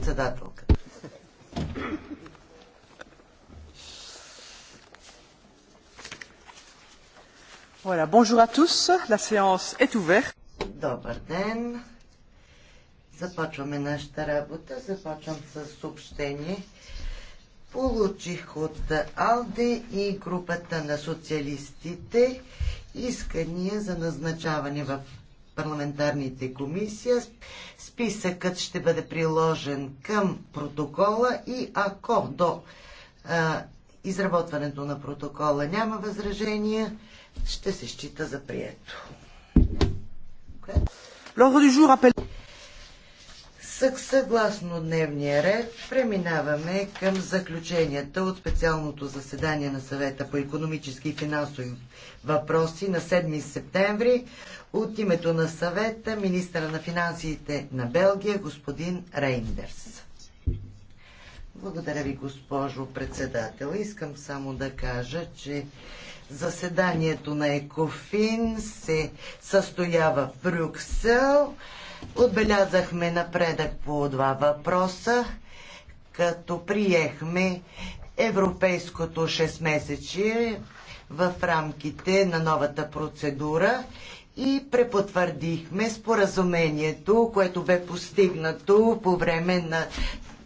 председателка. Voilà, bonjour à tous. La séance est ouverte. Добър ден. Започваме нашата работа. Започвам с съобщение. Получих от АЛДЕ и групата на социалистите искания за назначаване в парламентарните комисии Списъкът ще бъде приложен към протокола и ако до а, изработването на протокола няма възражения, ще се счита за прието. Okay. Съгласно дневния ред, преминаваме към заключенията от специалното заседание на съвета по економически и финансови въпроси на 7 септември. От името на съвета, министра на финансите на Белгия, господин Рейндерс. Благодаря ви, госпожо председател. Искам само да кажа, че заседанието на ЕКОФИН се състоява в Брюксел. Отбелязахме напредък по два въпроса, като приехме европейското 6-месечие в рамките на новата процедура и препотвърдихме споразумението, което бе постигнато по време на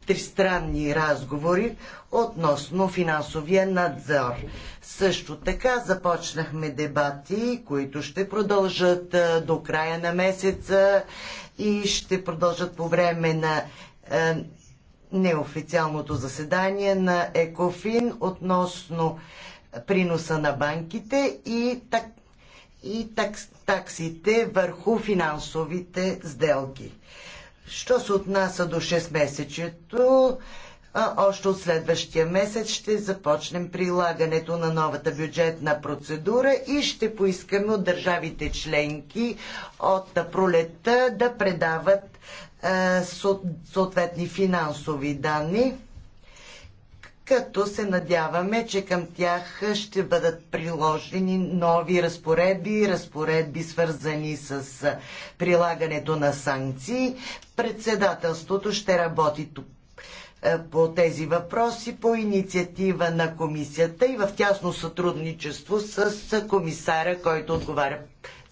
тристранни разговори относно финансовия надзор. Също така започнахме дебати, които ще продължат до края на месеца и ще продължат по време на е, неофициалното заседание на ЕКОФИН относно приноса на банките и, так, и так, таксите върху финансовите сделки. Що се отнася до 6 месечето, още от следващия месец ще започнем прилагането на новата бюджетна процедура и ще поискаме от държавите членки от пролетта да предават съответни финансови данни, като се надяваме, че към тях ще бъдат приложени нови разпоредби, разпоредби свързани с прилагането на санкции. Председателството ще работи тук е, по тези въпроси по инициатива на комисията и в тясно сътрудничество с комисаря, който отговаря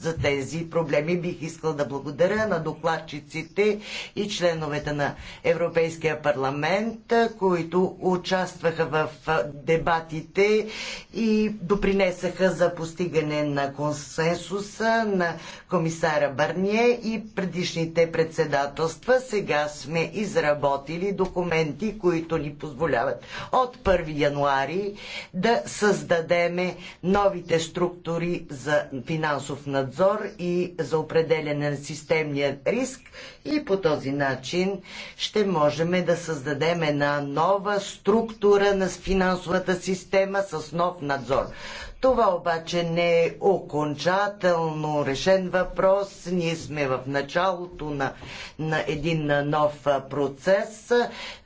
за тези проблеми. Бих искал да благодаря на докладчиците и членовете на Европейския парламент, които участваха в дебатите и допринесаха за постигане на консенсуса на комисара Барние и предишните председателства. Сега сме изработили документи, които ни позволяват от 1 януари да създадеме новите структури за финансов надзор надзор и за определене на системния риск и по този начин ще можем да създадем една нова структура на финансовата система с нов надзор. Това обаче не е окончателно решен въпрос. Ние сме в началото на, на един нов процес.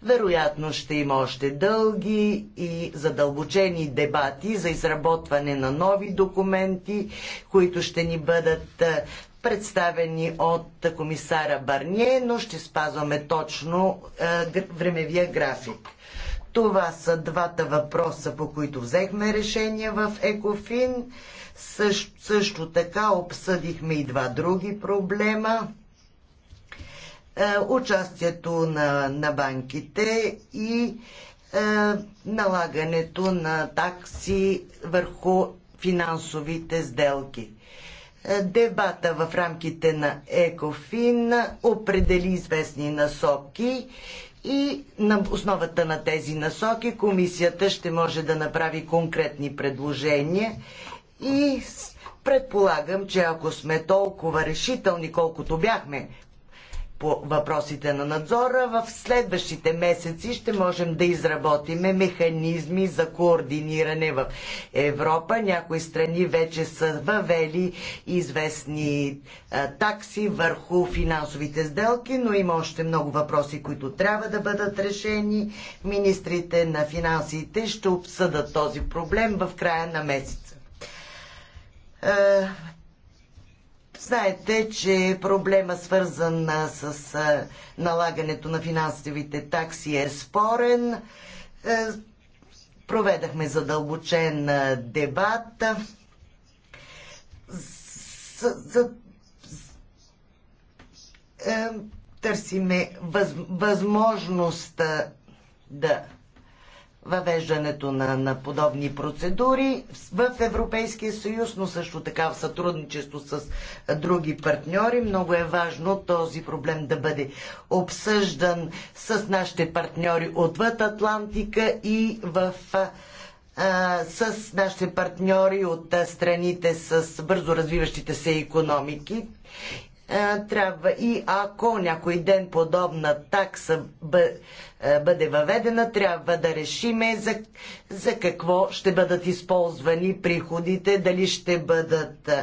Вероятно ще има още дълги и задълбочени дебати за изработване на нови документи, които ще ни бъдат е, представени от комисара Барние, но ще спазваме точно е, времевия график. Това са двата въпроса, по които взехме решение в Екофин. Също, също така обсъдихме и два други проблема. Е, участието на, на банките и е, налагането на такси върху финансовите сделки. Е, дебата в рамките на Екофин определи известни насоки и на основата на тези насоки комисията ще може да направи конкретни предложения и предполагам, че ако сме толкова решителни, колкото бяхме по въпросите на надзора. В следващите месеци ще можем да изработиме механизми за координиране в Европа. Някои страни вече са въвели известни а, такси върху финансовите сделки, но има още много въпроси, които трябва да бъдат решени. Министрите на финансите ще обсъдат този проблем в края на месеца Знаете, че проблема свързан с налагането на финансовите такси е спорен. Е, проведахме задълбочен дебат. За е, търсиме възможност възможността да въвеждането на, на подобни процедури в Европейския съюз, но също така в сътрудничество с други партньори. Много е важно този проблем да бъде обсъждан с нашите партньори отвъд Атлантика и в с нашите партньори от страните с бързо развиващите се економики. Трябва и ако някой ден подобна такса е, бъде въведена, трябва да решиме за, за какво ще бъдат използвани приходите, дали ще бъдат е,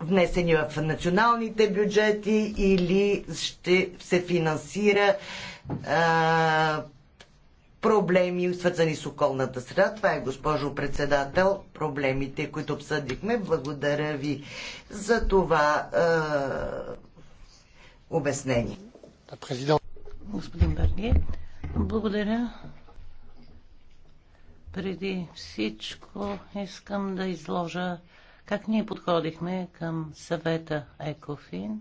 внесени в националните бюджети или ще се финансира а, е, проблеми, свързани с околната среда. Това е, госпожо председател, проблемите, които обсъдихме. Благодаря ви за това а, е, обяснение. Господин Барние, благодаря. Преди всичко искам да изложа как ние подходихме към съвета ЕКОФИН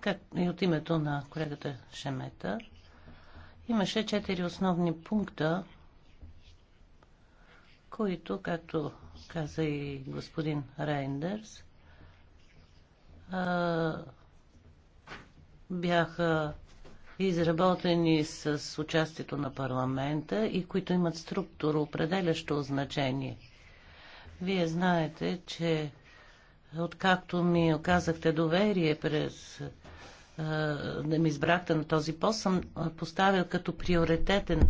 как и от името на колегата Шемета. Имаше четири основни пункта, които, както каза и господин Рейндерс, бяха изработени с участието на парламента и които имат структура определящо значение. Вие знаете, че откакто ми оказахте доверие през да ми избрахте на този пост, съм поставил като приоритетен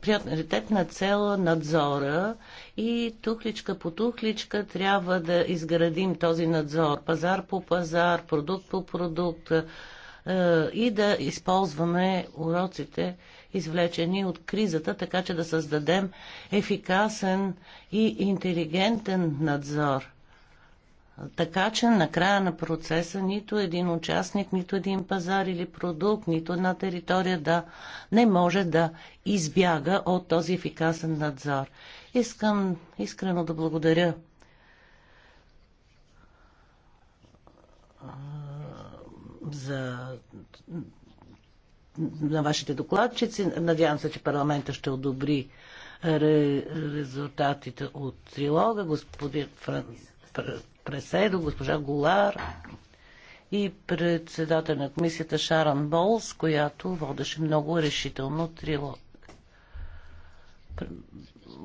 приоритетна цел надзора и тухличка по тухличка трябва да изградим този надзор, пазар по пазар, продукт по продукт и да използваме уроците, извлечени от кризата, така че да създадем ефикасен и интелигентен надзор – така че на края на процеса нито един участник, нито един пазар или продукт, нито една територия да не може да избяга от този ефикасен надзор. Искам искрено да благодаря за на вашите докладчици. Надявам се, че парламента ще одобри резултатите от трилога. Господин Франц Преседо, госпожа Голар и председател на комисията Шаран Болс, която водеше много решително трилог.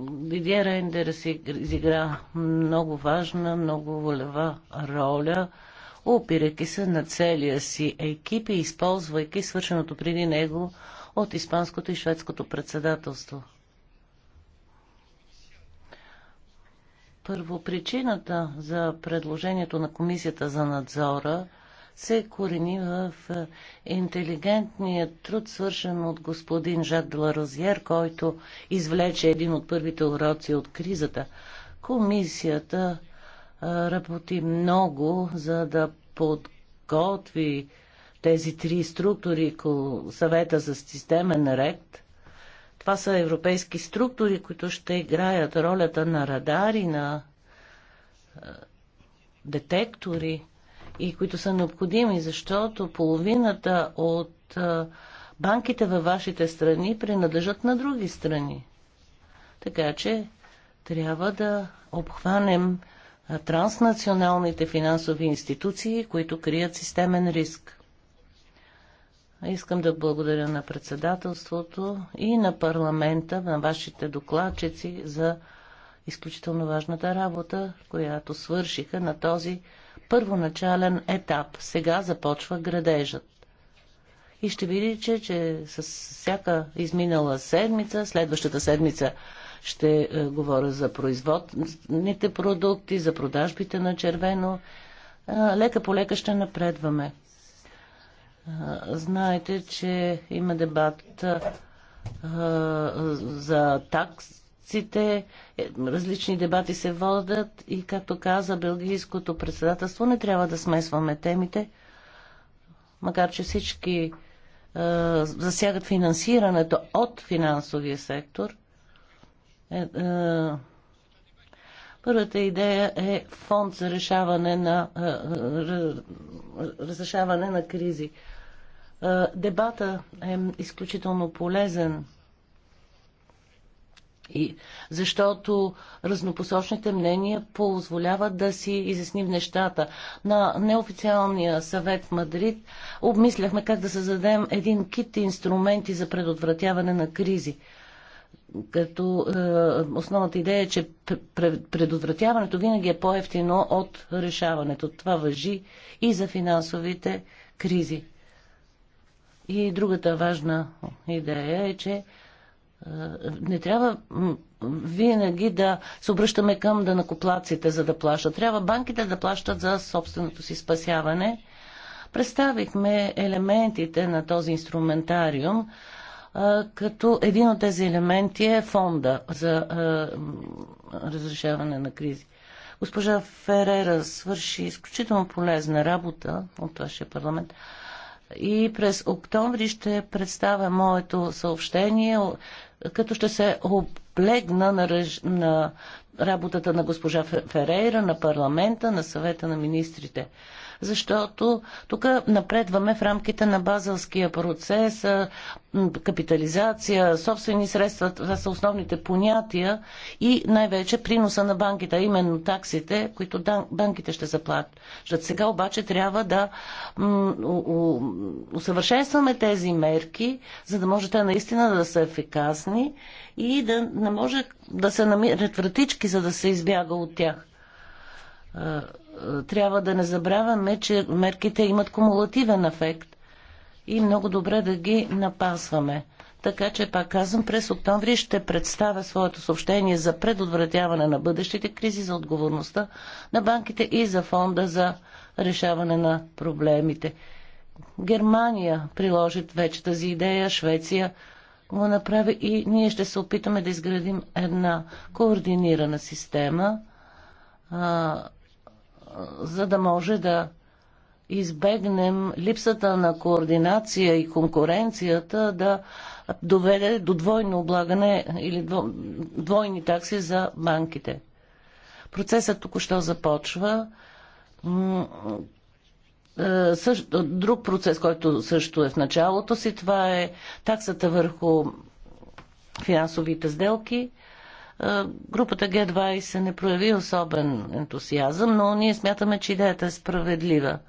Дидие Рейндерс изигра много важна, много волева роля, опирайки се на целия си екип и използвайки свършеното преди него от Испанското и Шведското председателство – Първо, причината за предложението на Комисията за надзора се корени в е, интелигентния труд, свършен от господин Жак Деларозиер, който извлече един от първите уроци от кризата. Комисията е, работи много, за да подготви тези три структури, съвета за системен ред, това са европейски структури, които ще играят ролята на радари, на детектори и които са необходими, защото половината от банките във вашите страни принадлежат на други страни. Така че трябва да обхванем транснационалните финансови институции, които крият системен риск. Искам да благодаря на председателството и на парламента, на вашите докладчици за изключително важната работа, която свършиха на този първоначален етап. Сега започва градежът. И ще видите, че, с всяка изминала седмица, следващата седмица ще е, говоря за производните продукти, за продажбите на червено. лека по лека ще напредваме. Знаете, че има дебат за таксите. Е, различни дебати се водят и, както каза Белгийското председателство, не трябва да смесваме темите, макар че всички засягат финансирането от финансовия сектор. Е, Първата идея е фонд за решаване на, разрешаване на кризи. Дебата е изключително полезен. И защото разнопосочните мнения позволяват да си изясним нещата. На неофициалния съвет в Мадрид обмисляхме как да създадем един кит инструменти за предотвратяване на кризи като е, основната идея е, че предотвратяването винаги е по-ефтино от решаването. Това въжи и за финансовите кризи. И другата важна идея е, че е, не трябва винаги да се обръщаме към данакоплаците, за да плащат. Трябва банките да плащат за собственото си спасяване. Представихме елементите на този инструментариум, като един от тези елементи е фонда за разрешаване на кризи. Госпожа Ферера свърши изключително полезна работа от вашия парламент и през октомври ще представя моето съобщение, като ще се облегна на, реж... на работата на госпожа Ферейра, на парламента, на съвета на министрите защото тук напредваме в рамките на базълския процес, капитализация, собствени средства, това са основните понятия и най-вече приноса на банките, именно таксите, които банките ще заплатят. Сега обаче трябва да усъвършенстваме тези мерки, за да може те наистина да са ефикасни и да не може да се намират вратички, за да се избяга от тях трябва да не забравяме, че мерките имат кумулативен ефект и много добре да ги напасваме. Така че, пак казвам, през октомври ще представя своето съобщение за предотвратяване на бъдещите кризи, за отговорността на банките и за фонда за решаване на проблемите. Германия приложи вече тази идея, Швеция го направи и ние ще се опитаме да изградим една координирана система за да може да избегнем липсата на координация и конкуренцията да доведе до двойно облагане или двойни такси за банките. Процесът току-що започва. Е, друг процес, който също е в началото си, това е таксата върху финансовите сделки – е, групата Г20 не прояви особен ентусиазъм, но ние смятаме, че идеята е справедлива.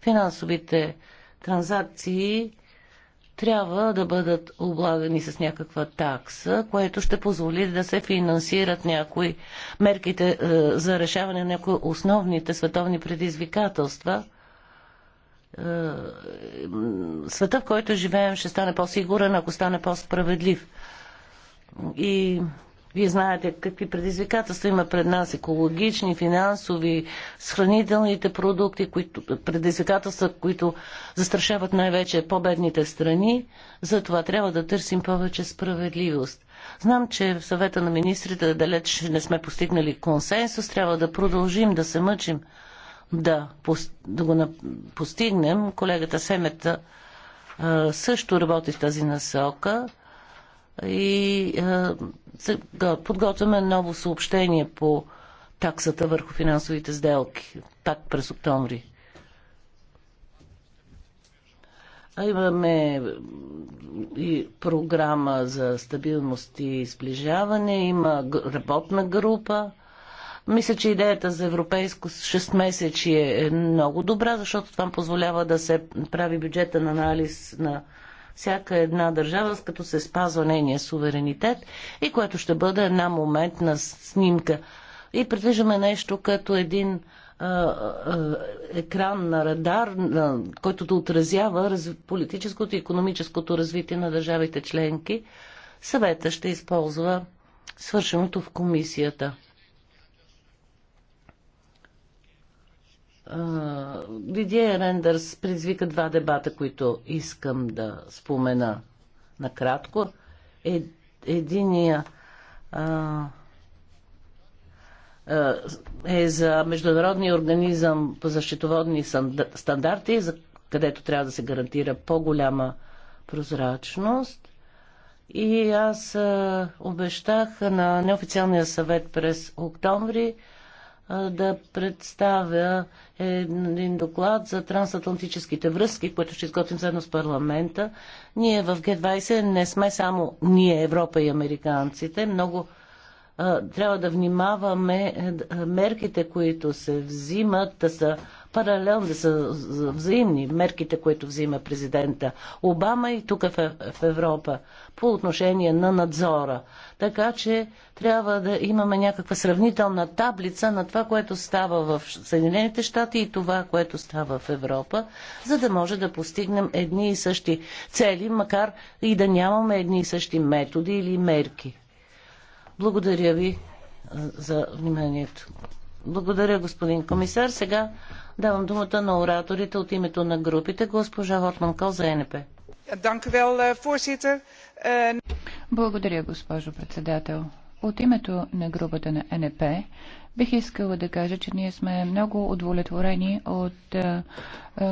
Финансовите транзакции трябва да бъдат облагани с някаква такса, което ще позволи да се финансират някои мерките е, за решаване на някои основните световни предизвикателства. Е, света, в който живеем, ще стане по-сигурен, ако стане по-справедлив. И вие знаете какви предизвикателства има пред нас екологични, финансови, с хранителните продукти, които, предизвикателства, които застрашават най-вече по-бедните страни. Затова трябва да търсим повече справедливост. Знам, че в съвета на министрите далеч не сме постигнали консенсус, трябва да продължим да се мъчим да, да го постигнем. Колегата Семета също работи в тази насока и е, сега подготвяме ново съобщение по таксата върху финансовите сделки, пак през октомври. А имаме и програма за стабилност и сближаване, има работна група. Мисля, че идеята за европейско 6 месечи е много добра, защото това позволява да се прави бюджетен анализ на всяка една държава, като се спазва нейния суверенитет и което ще бъде една моментна снимка. И предвиждаме нещо като един екран на радар, който да отразява политическото и економическото развитие на държавите членки, съвета ще използва свършеното в комисията. Дидие Рендърс предизвика два дебата, които искам да спомена накратко. Е, единия а, е за Международния организъм по защитоводни стандарти, за където трябва да се гарантира по-голяма прозрачност. И аз обещах на неофициалния съвет през октомври да представя един доклад за трансатлантическите връзки, които ще изготвим заедно с парламента. Ние в Г20 не сме само ние, Европа и американците. Много трябва да внимаваме мерките, които се взимат, да са паралелни, са взаимни мерките, които взима президента Обама и тук в Европа по отношение на надзора. Така че трябва да имаме някаква сравнителна таблица на това, което става в Съединените щати и това, което става в Европа, за да може да постигнем едни и същи цели, макар и да нямаме едни и същи методи или мерки. Благодаря ви за вниманието. Благодаря, господин комисар. Сега Давам думата на ораторите от името на групите. Госпожа Хортман Кол за НП. Eh, eh, Благодаря, госпожо председател. От името на групата на НП бих искала да кажа, че ние сме много удовлетворени от е, е,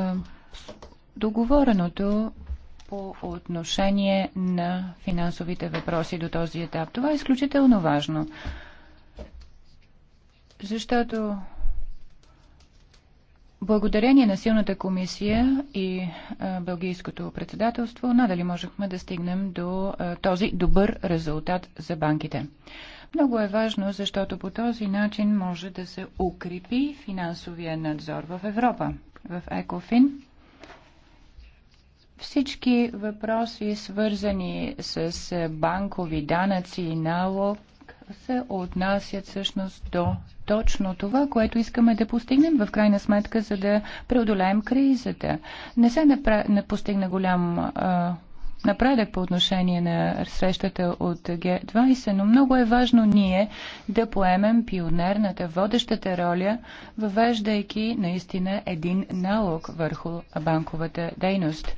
договореното по отношение на финансовите въпроси до този етап. Това е изключително важно, защото Благодарение на силната комисия и а, бългийското председателство, надали можехме да стигнем до а, този добър резултат за банките. Много е важно, защото по този начин може да се укрепи финансовия надзор в Европа, в ЕКОФИН. Всички въпроси, свързани с банкови данъци и налог, се отнасят всъщност до точно това, което искаме да постигнем в крайна сметка, за да преодолеем кризата. Не се напра... не постигна голям а, напредък по отношение на срещата от Г20, но много е важно ние да поемем пионерната, водещата роля, въвеждайки наистина един налог върху банковата дейност.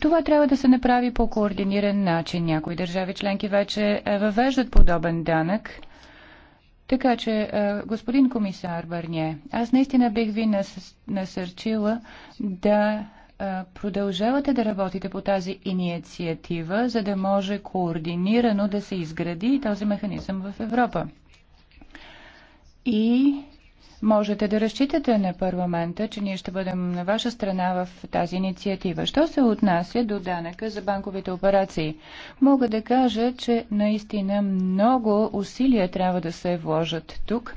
Това трябва да се направи по координиран начин. Някои държави членки вече въвеждат подобен данък така че, е, господин комисар Барние, аз наистина бих ви насърчила да е, продължавате да работите по тази инициатива, за да може координирано да се изгради този механизъм в Европа. И Можете да разчитате на парламента, че ние ще бъдем на ваша страна в тази инициатива. Що се отнася до данъка за банковите операции? Мога да кажа, че наистина много усилия трябва да се вложат тук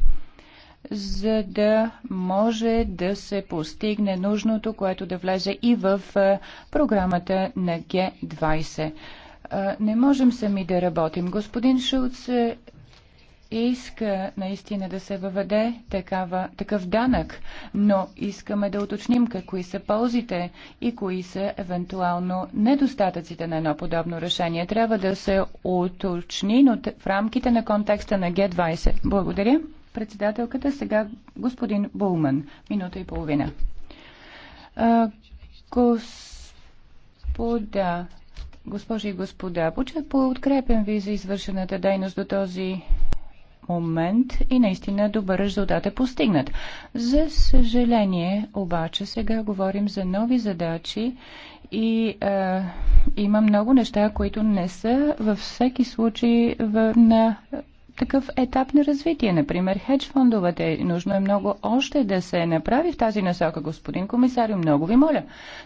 за да може да се постигне нужното, което да влезе и в програмата на Г20 не можем сами да работим. Господин Шулц е иска наистина да се въведе такава, такъв данък, но искаме да уточним какви са ползите и кои са евентуално недостатъците на едно подобно решение. Трябва да се уточни, но в рамките на контекста на Г20. Благодаря. Председателката сега господин Булман. Минута и половина. А, господа, Госпожи и господа, подкрепям ви за извършената дейност до този момент и наистина добър резултат е постигнат. За съжаление, обаче, сега говорим за нови задачи и а, има много неща, които не са във всеки случай в, на такъв етап на развитие. Например, хедж фондовете. Нужно е много още да се направи в тази насока, господин комисар. Много ви моля,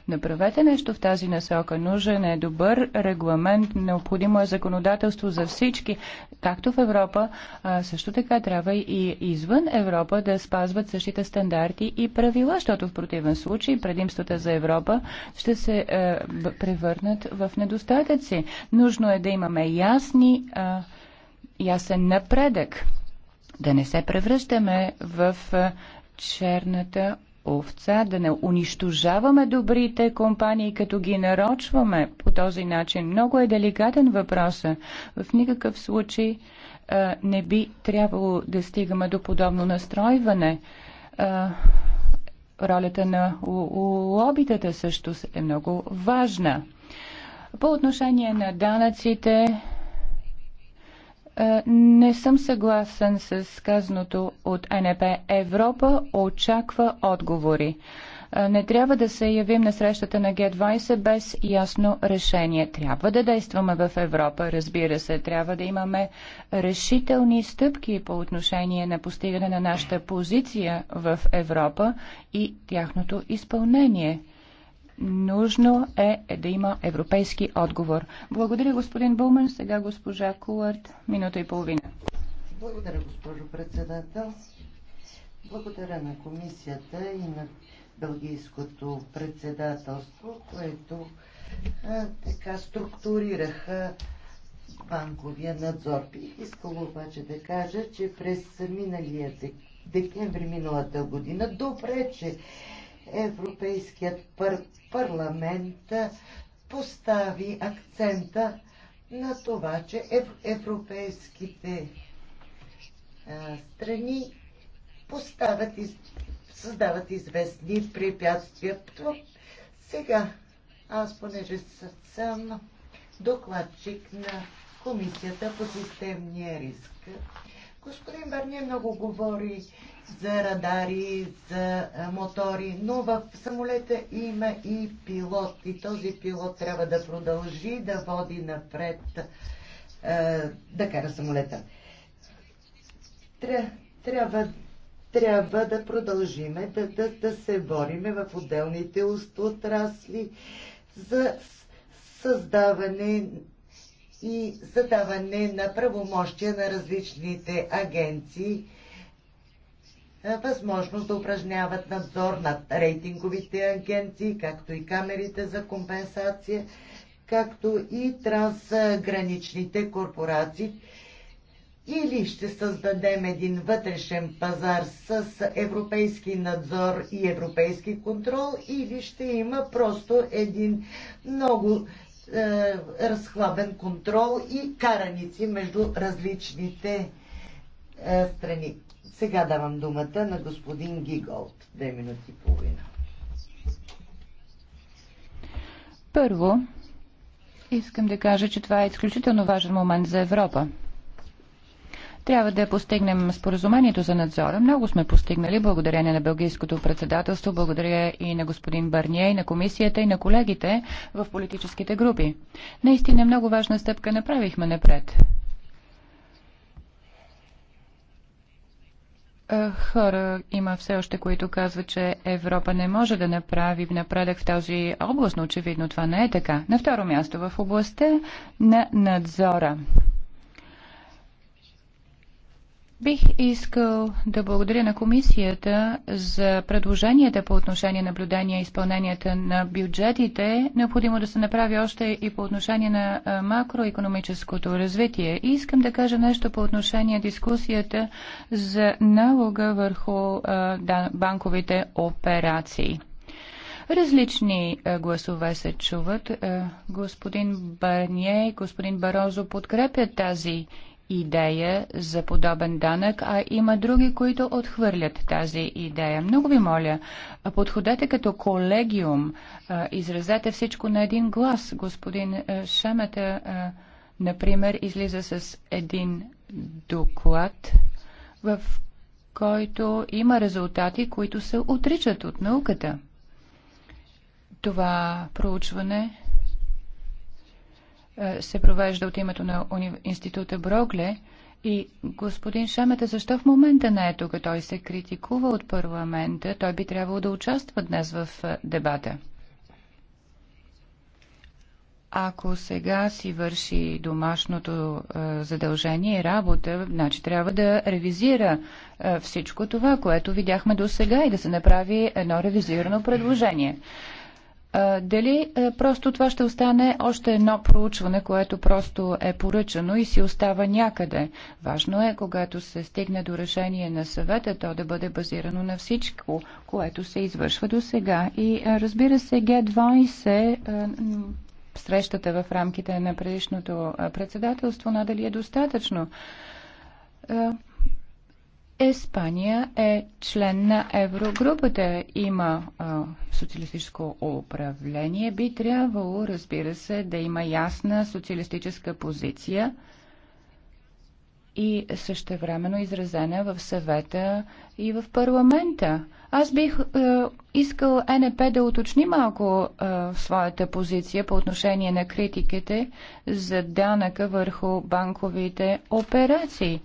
направете нещо в тази насока. Нужен е добър регламент, необходимо е законодателство за всички, както в Европа, а също така трябва и извън Европа да спазват същите стандарти и правила, защото в противен случай предимствата за Европа ще се е, превърнат в недостатъци. Нужно е да имаме ясни. Е, ясен напредък. Да не се превръщаме в черната овца, да не унищожаваме добрите компании, като ги нарочваме по този начин. Много е деликатен въпрос. В никакъв случай а, не би трябвало да стигаме до подобно настройване. А, ролята на лобитата също е много важна. По отношение на данъците, е, не съм съгласен с казаното от НП. Европа очаква отговори. Е, не трябва да се явим на срещата на Г-20 без ясно решение. Трябва да действаме в Европа, разбира се. Трябва да имаме решителни стъпки по отношение на постигане на нашата позиция в Европа и тяхното изпълнение – Нужно е, е, да има европейски отговор. Благодаря, господин Булман. Сега госпожа Куарт, минута и половина. Благодаря, госпожо председател. Благодаря на комисията и на Белгийското председателство, което а, така структурираха банковия надзор. Бих обаче да кажа, че през миналия декември миналата година добре, че Европейският пар- парламент постави акцента на това, че ев- европейските а, страни поставят из- създават известни препятствия. Сега, аз понеже съм докладчик на Комисията по системния риск, господин Барния много говори за радари, за мотори, но в самолета има и пилот. И този пилот трябва да продължи да води напред, да кара самолета. трябва, трябва да продължиме да, да, да се бориме в отделните отрасли за създаване и задаване на правомощия на различните агенции е, възможност да упражняват надзор над рейтинговите агенции, както и камерите за компенсация, както и трансграничните корпорации. Или ще създадем един вътрешен пазар с европейски надзор и европейски контрол, или ще има просто един много е, разхлабен контрол и караници между различните е, страни. Сега давам думата на господин Гиголд. Две минути и половина. Първо, искам да кажа, че това е изключително важен момент за Европа. Трябва да постигнем споразумението за надзора. Много сме постигнали благодарение на Белгийското председателство, благодаря и на господин Барние, и на комисията, и на колегите в политическите групи. Наистина много важна стъпка направихме напред. Е, хора има все още, които казват, че Европа не може да направи напредък в тази област, но очевидно това не е така. На второ място в областта на надзора. Бих искал да благодаря на комисията за предложенията по отношение на наблюдение и изпълненията на бюджетите. Необходимо да се направи още и по отношение на макроекономическото развитие. И искам да кажа нещо по отношение дискусията за налога върху банковите операции. Различни гласове се чуват. Господин Барние и господин Барозо подкрепят тази идея за подобен данък, а има други, които отхвърлят тази идея. Много ви моля, подходете като колегиум, изразете всичко на един глас. Господин Шамета, например, излиза с един доклад, в който има резултати, които се отричат от науката. Това проучване е, се провежда от името на института Брогле. И господин Шамета, защо в момента не е тук? Той се критикува от парламента. Той би трябвало да участва днес в е, дебата. Ако сега си върши домашното е, задължение и работа, значи трябва да ревизира е, всичко това, което видяхме до сега и да се направи едно ревизирано предложение. Дали просто това ще остане още едно проучване, което просто е поръчано и си остава някъде? Важно е, когато се стигне до решение на съвета, то да бъде базирано на всичко, което се извършва до сега. И разбира се, Г20 срещата в рамките на предишното председателство надали е достатъчно Испания е член на Еврогрупата. Има а, социалистическо управление. Би трябвало, разбира се, да има ясна социалистическа позиция и същевременно изразена в съвета и в парламента. Аз бих е, искал НП да уточни малко е, своята позиция по отношение на критиките за данъка върху банковите операции.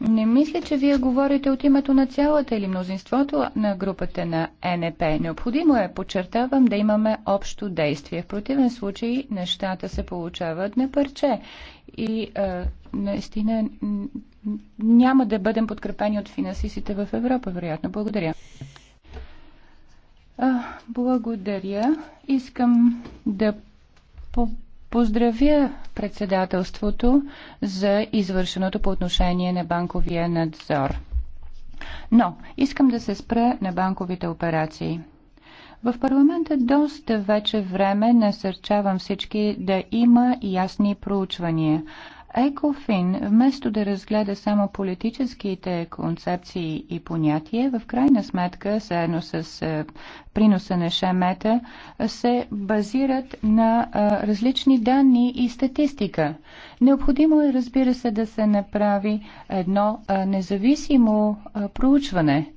Не мисля, че вие говорите от името на цялата или мнозинството на групата на НП. Необходимо е, подчертавам, да имаме общо действие. В противен случай нещата се получават на парче и а, наистина няма да бъдем подкрепени от финансистите в Европа, вероятно. Благодаря. А, благодаря. Искам да поздравя председателството за извършеното по отношение на банковия надзор. Но искам да се спра на банковите операции. В парламента доста вече време насърчавам всички да има ясни проучвания. Екофин, вместо да разгледа само политическите концепции и понятия, в крайна сметка, заедно с е, приноса на Шемета, се базират на е, различни данни и статистика. Необходимо е, разбира се, да се направи едно е, независимо проучване –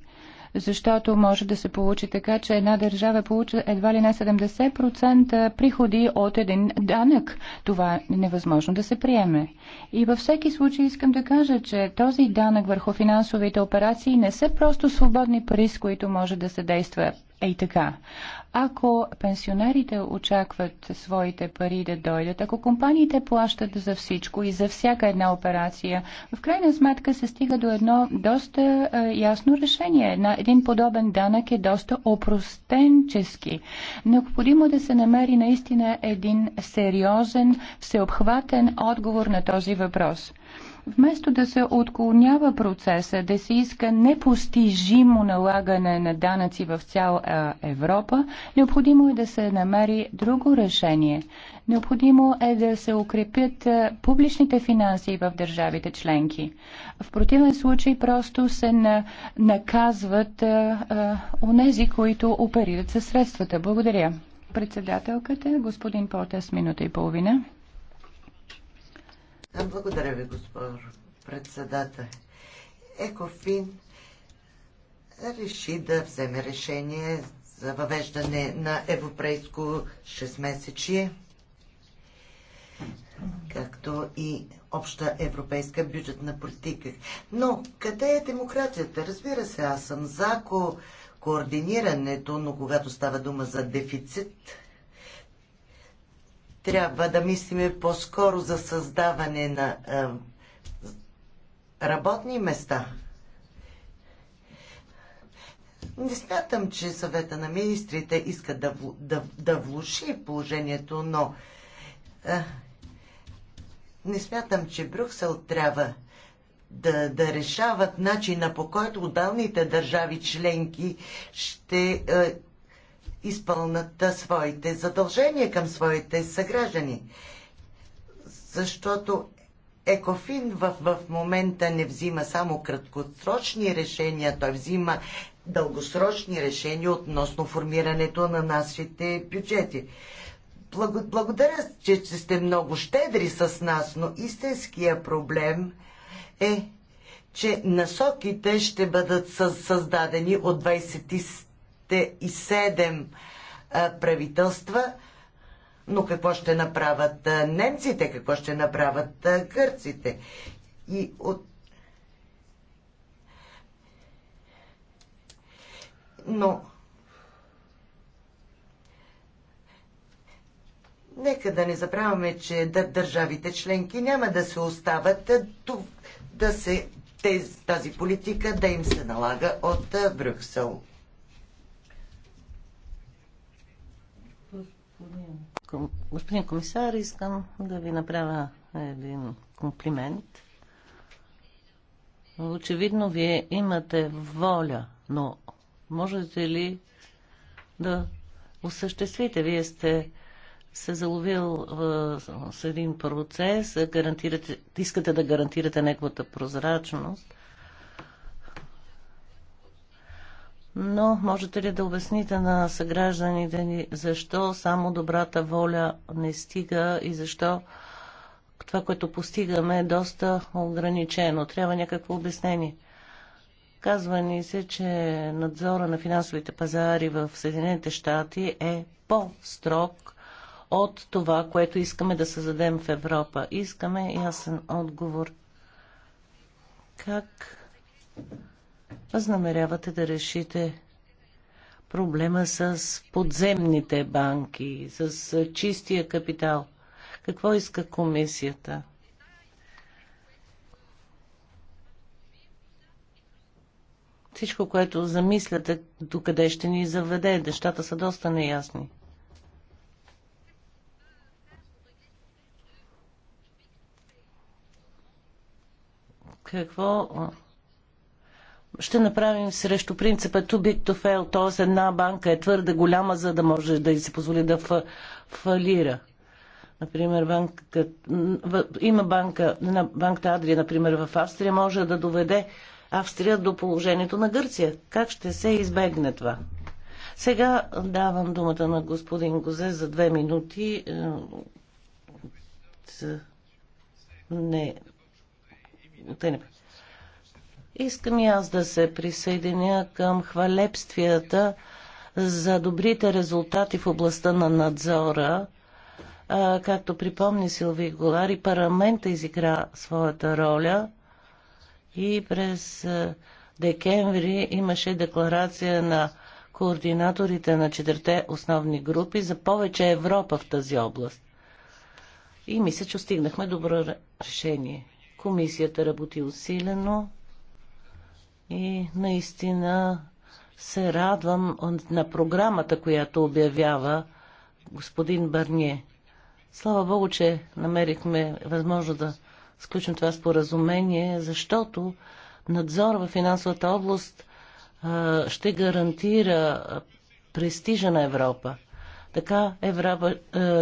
защото може да се получи така, че една държава получи едва ли не 70% приходи от един данък. Това е невъзможно да се приеме. И във всеки случай искам да кажа, че този данък върху финансовите операции не са просто свободни пари, с които може да се действа ей така ако пенсионерите очакват своите пари да дойдат, ако компаниите плащат за всичко и за всяка една операция, в крайна сметка се стига до едно доста е, ясно решение. Една, един подобен данък е доста опростенчески. Необходимо да се намери наистина един сериозен, всеобхватен отговор на този въпрос. Вместо да се отклонява процеса, да се иска непостижимо налагане на данъци в цяла Европа, необходимо е да се намери друго решение. Необходимо е да се укрепят публичните финанси в държавите членки. В противен случай просто се на, наказват а, а, онези, които оперират със средствата. Благодаря. Председателката, господин Потес, минута и половина. Благодаря ви, госпожо председател. Екофин реши да вземе решение за въвеждане на европейско 6-месечие, както и обща европейска бюджетна политика. Но къде е демокрацията? Разбира се, аз съм за ко- координирането, но когато става дума за дефицит, трябва да мислиме по-скоро за създаване на е, работни места. Не смятам, че съвета на министрите иска да, да, да влуши положението, но е, не смятам, че Брюксел трябва да, да решават начина по който отдалните държави членки ще е, изпълнат своите задължения към своите съграждани. Защото Екофин в, в момента не взима само краткосрочни решения, той взима дългосрочни решения относно формирането на нашите бюджети. Благодаря, че, сте много щедри с нас, но истинския проблем е, че насоките ще бъдат създадени от 20 27 правителства. Но какво ще направят немците, какво ще направят гърците? И от Но Нека да не забравяме, че държавите членки няма да се остават да се, тази политика да им се налага от Брюксел. Господин комисар, искам да ви направя един комплимент. Очевидно, вие имате воля, но можете ли да осъществите? Вие сте се заловил в, с един процес, гарантирате, искате да гарантирате неговата прозрачност, но можете ли да обясните на съгражданите ни защо само добрата воля не стига и защо това, което постигаме е доста ограничено? Трябва някакво обяснение. Казва ни се, че надзора на финансовите пазари в Съединените щати е по-строг от това, което искаме да създадем в Европа. Искаме ясен отговор. Как възнамерявате да решите проблема с подземните банки, с чистия капитал? Какво иска комисията? Всичко, което замисляте, докъде ще ни заведе, нещата са доста неясни. Какво ще направим срещу принципа too big to fail, т.е. една банка е твърде голяма, за да може да й се позволи да фалира. Например, банка, има банка, на банката Адрия, например, в Австрия, може да доведе Австрия до положението на Гърция. Как ще се избегне това? Сега давам думата на господин Гозе за две минути. Е, не. Те не. Искам и аз да се присъединя към хвалебствията за добрите резултати в областта на надзора. както припомни Силви Голари, и парламента изигра своята роля и през декември имаше декларация на координаторите на четирите основни групи за повече Европа в тази област. И мисля, че стигнахме добро решение. Комисията работи усилено и наистина се радвам на програмата, която обявява господин Барние. Слава Богу, че намерихме възможно да сключим това споразумение, защото надзор в финансовата област ще гарантира престижа на Европа. Така Европа,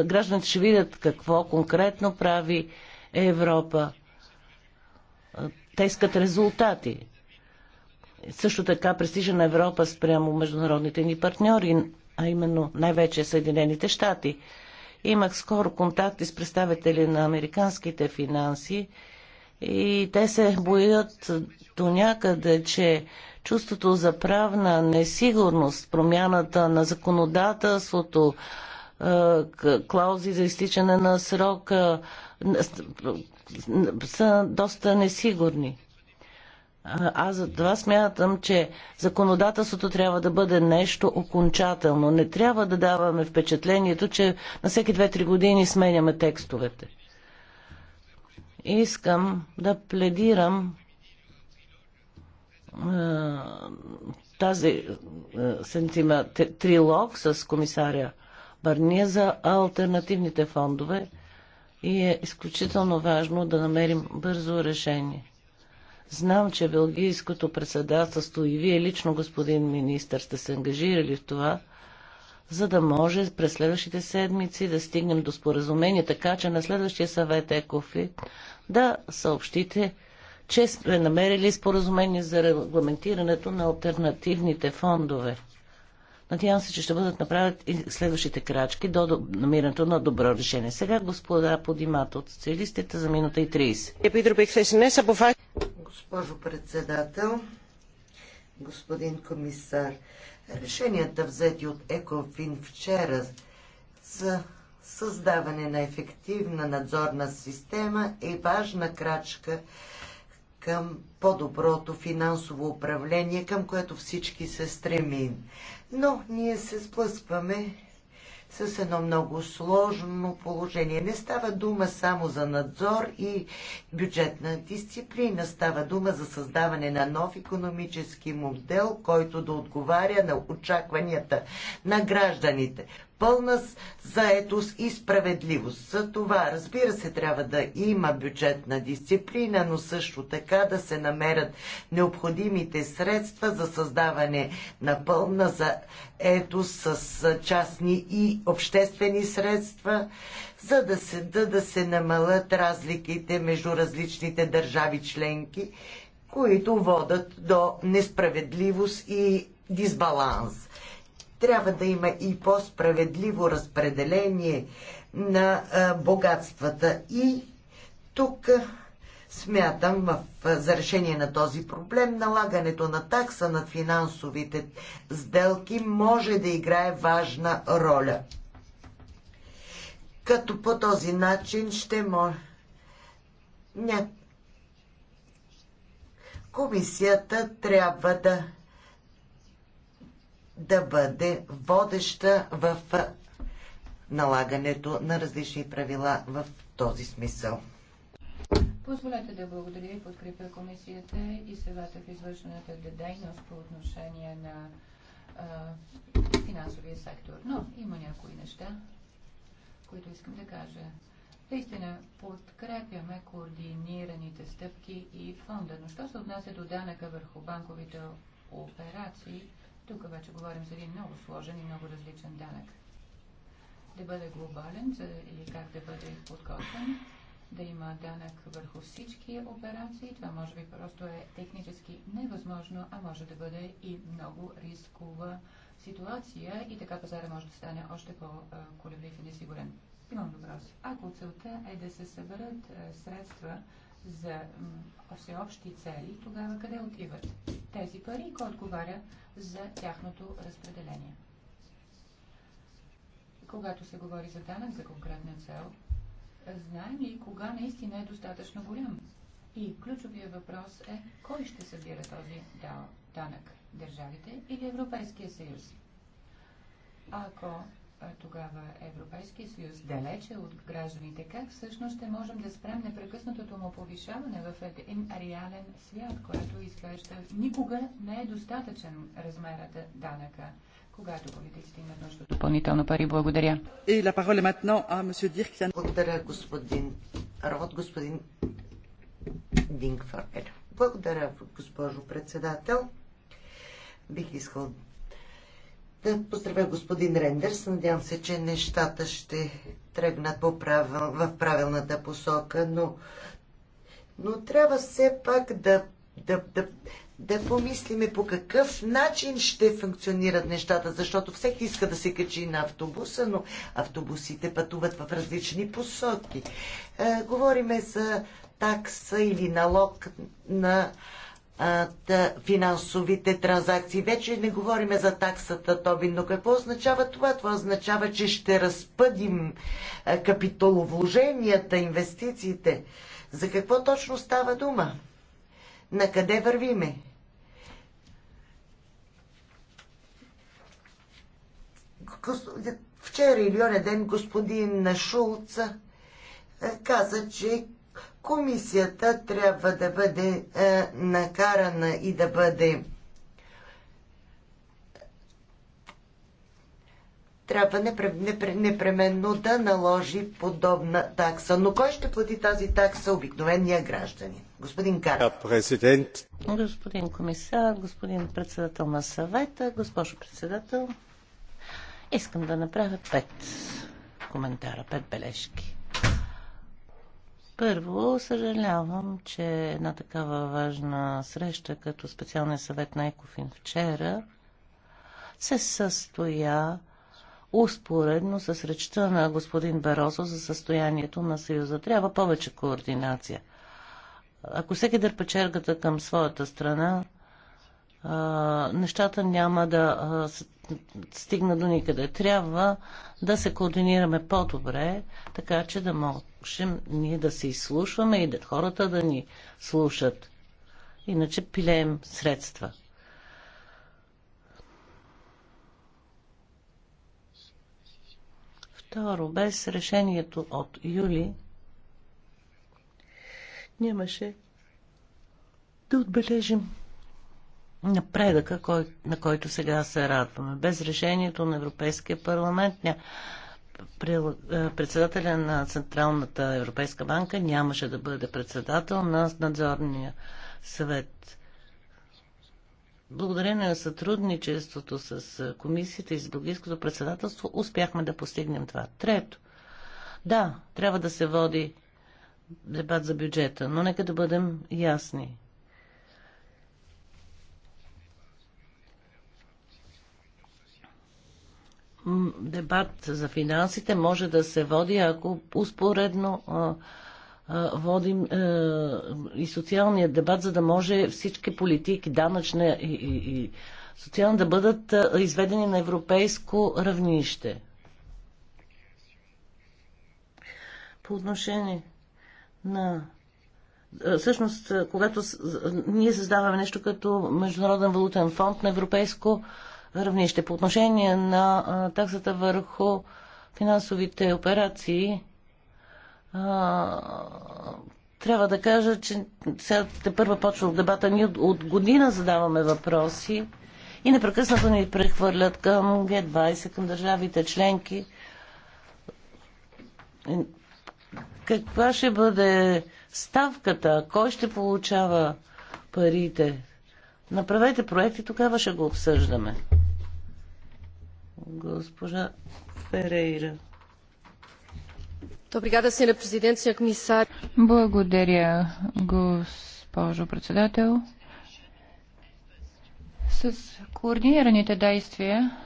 гражданите ще видят какво конкретно прави Европа. Те искат резултати също така престижа на Европа спрямо международните ни партньори, а именно най-вече Съединените щати. Имах скоро контакти с представители на американските финанси и те се боят до някъде, че чувството за правна несигурност, промяната на законодателството, клаузи за изтичане на срока са доста несигурни. Аз за това смятам, че законодателството трябва да бъде нещо окончателно. Не трябва да даваме впечатлението, че на всеки 2-3 години сменяме текстовете. Искам да пледирам тази сентима, трилог с комисаря Барния за альтернативните фондове и е изключително важно да намерим бързо решение. Знам, че Белгийското председателство и вие лично, господин министр, сте се ангажирали в това, за да може през следващите седмици да стигнем до споразумение, така че на следващия съвет ЕКОФИ да съобщите, че сме намерили споразумение за регламентирането на альтернативните фондове. Надявам се, че ще бъдат направят и следващите крачки до намирането на добро решение. Сега господа Подимата от социалистите за минута и 30. Госпожо председател, господин комисар, решенията взети от Екофин вчера за създаване на ефективна надзорна система е важна крачка към по-доброто финансово управление, към което всички се стремим. Но ние се сблъскваме с едно много сложно положение. Не става дума само за надзор и бюджетна дисциплина. Става дума за създаване на нов економически модел, който да отговаря на очакванията на гражданите пълна заетост и справедливост. За това, разбира се, трябва да има бюджетна дисциплина, но също така да се намерят необходимите средства за създаване на пълна заетост с частни и обществени средства, за да се, да, да се намалят разликите между различните държави членки, които водат до несправедливост и дисбаланс. Трябва да има и по-справедливо разпределение на богатствата. И тук смятам в, за решение на този проблем налагането на такса на финансовите сделки може да играе важна роля. Като по този начин ще може... Ня... Комисията трябва да да бъде водеща в налагането на различни правила в този смисъл. Позволете да благодаря и подкрепя комисията и съвета в извършената дейност по отношение на а, финансовия сектор. Но има някои неща, които искам да кажа. Наистина подкрепяме координираните стъпки и фонда, но що се отнася до данъка върху банковите операции, тук вече говорим за един много сложен и много различен данък. Да бъде глобален или как да бъде подготвен, да има данък върху всички операции. Това може би просто е технически невъзможно, а може да бъде и много рискова ситуация и така пазара може да стане още по-колеблив и несигурен. Имам въпрос. Ако целта е да се съберат средства за всеобщи цели, тогава къде отиват тези пари и кой отговаря за тяхното разпределение? Когато се говори за данък за конкретна цел, знаем ли кога наистина е достатъчно голям? И ключовия въпрос е кой ще събира този данък? Държавите или Европейския съюз? Ако тогава Европейския съюз далече от гражданите, как всъщност ще можем да спрем непрекъснатото му повишаване в един реален свят, който изглежда никога не е достатъчен размерът данъка, когато политиците имат нужда от допълнително пари. Благодаря. И Благодаря, господин Рот, господин Дингфърер. Благодаря, госпожо председател. Бих искал да поздравя господин Рендерс. Надявам се, че нещата ще тръгнат по правил, в правилната посока, но, но трябва все пак да, да, да, да помислиме по какъв начин ще функционират нещата, защото всеки иска да се качи на автобуса, но автобусите пътуват в различни посоки. Е, говориме за такса или налог на финансовите транзакции. Вече не говорим за таксата Тобин, но какво означава това? Това означава, че ще разпъдим капиталовложенията, инвестициите. За какво точно става дума? На къде вървиме? Вчера или ден господин Шулц каза, че комисията трябва да бъде е, накарана и да бъде трябва непременно да наложи подобна такса. Но кой ще плати тази такса? Обикновения гражданин. Господин Карл. Президент. Господин комисар, господин председател на съвета, госпожо председател, искам да направя пет коментара, пет бележки. Първо, съжалявам, че една такава важна среща, като специалния съвет на Екофин вчера, се състоя успоредно с речта на господин Барозо за състоянието на Съюза. Трябва повече координация. Ако всеки дърпа чергата към своята страна, нещата няма да стигна до никъде. Трябва да се координираме по-добре, така че да можем ние да се изслушваме и да хората да ни слушат. Иначе пилеем средства. Второ, без решението от юли нямаше да отбележим напредъка, кой, на който сега се радваме. Без решението на Европейския парламент ня... Е, председателя на Централната Европейска банка нямаше да бъде председател на надзорния съвет. Благодарение на сътрудничеството с комисията и с Белгийското председателство успяхме да постигнем това. Трето, да, трябва да се води дебат за бюджета, но нека да бъдем ясни дебат за финансите може да се води, ако успоредно водим е, и социалния дебат, за да може всички политики, данъчна и, и, и социална, да бъдат изведени на европейско равнище. По отношение на всъщност, когато ние създаваме нещо като Международен валутен фонд на европейско равнище. По отношение на таксата върху финансовите операции, трябва да кажа, че сега те първа почва дебата. Ние от, година задаваме въпроси и непрекъснато ни прехвърлят към Г20, към държавите членки. Е, каква ще бъде ставката? Кой ще получава парите? Направете проекти, тогава ще го обсъждаме. Госпожа Ферейра. Благодаря, госпожо председател. С координираните действия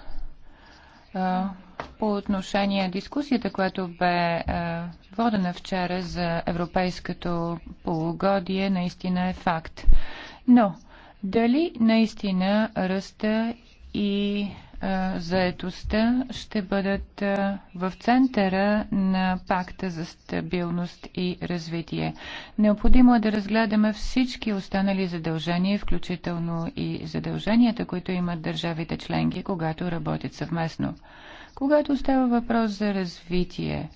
по отношение дискусията, която бе водена вчера за европейското полугодие, наистина е факт. Но дали наистина ръста и заетостта ще бъдат в центъра на пакта за стабилност и развитие. Необходимо е да разгледаме всички останали задължения, включително и задълженията, които имат държавите членки, когато работят съвместно. Когато става въпрос за развитие,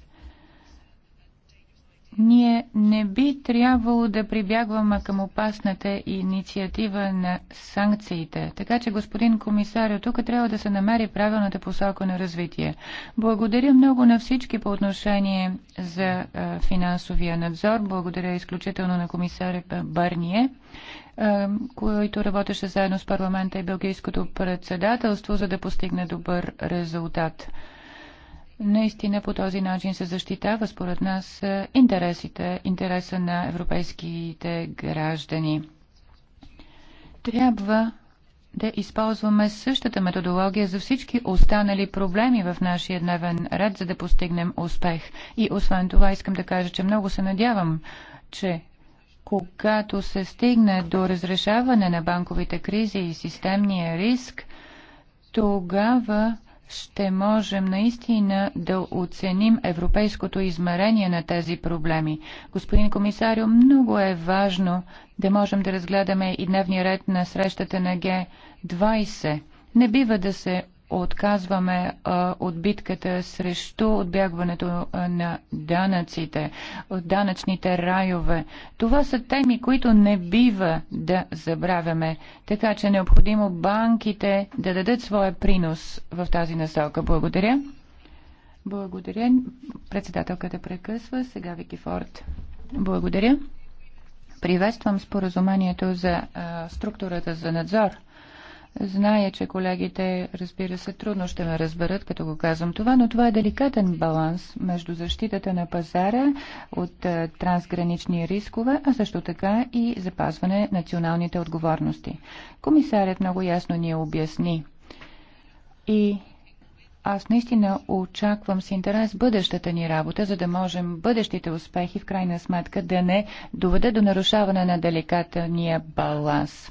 ние не би трябвало да прибягваме към опасната инициатива на санкциите. Така че, господин комисар, тук трябва да се намери правилната посока на развитие. Благодаря много на всички по отношение за финансовия надзор. Благодаря изключително на комисаря Бърние, който работеше заедно с парламента и Белгийското председателство, за да постигне добър резултат. Наистина по този начин се защитава, според нас, интересите, интереса на европейските граждани. Трябва да използваме същата методология за всички останали проблеми в нашия дневен ред, за да постигнем успех. И освен това искам да кажа, че много се надявам, че когато се стигне до разрешаване на банковите кризи и системния риск, тогава ще можем наистина да оценим европейското измерение на тези проблеми. Господин комисарио, много е важно да можем да разгледаме и дневния ред на срещата на Г20. Не бива да се отказваме от битката срещу отбягването на данъците, от данъчните райове. Това са теми, които не бива да забравяме, така че е необходимо банките да дадат своя принос в тази насока. Благодаря. Благодаря. Председателката прекъсва. Сега Вики Форд. Благодаря. Приветствам споразумението за а, структурата за надзор Зная, че колегите, разбира се, трудно ще ме разберат, като го казвам това, но това е деликатен баланс между защитата на пазара от е, трансгранични рискове, а също така и запазване националните отговорности. Комисарят много ясно ни обясни. И аз наистина очаквам с интерес бъдещата ни работа, за да можем бъдещите успехи в крайна сметка да не доведе до нарушаване на деликатния баланс.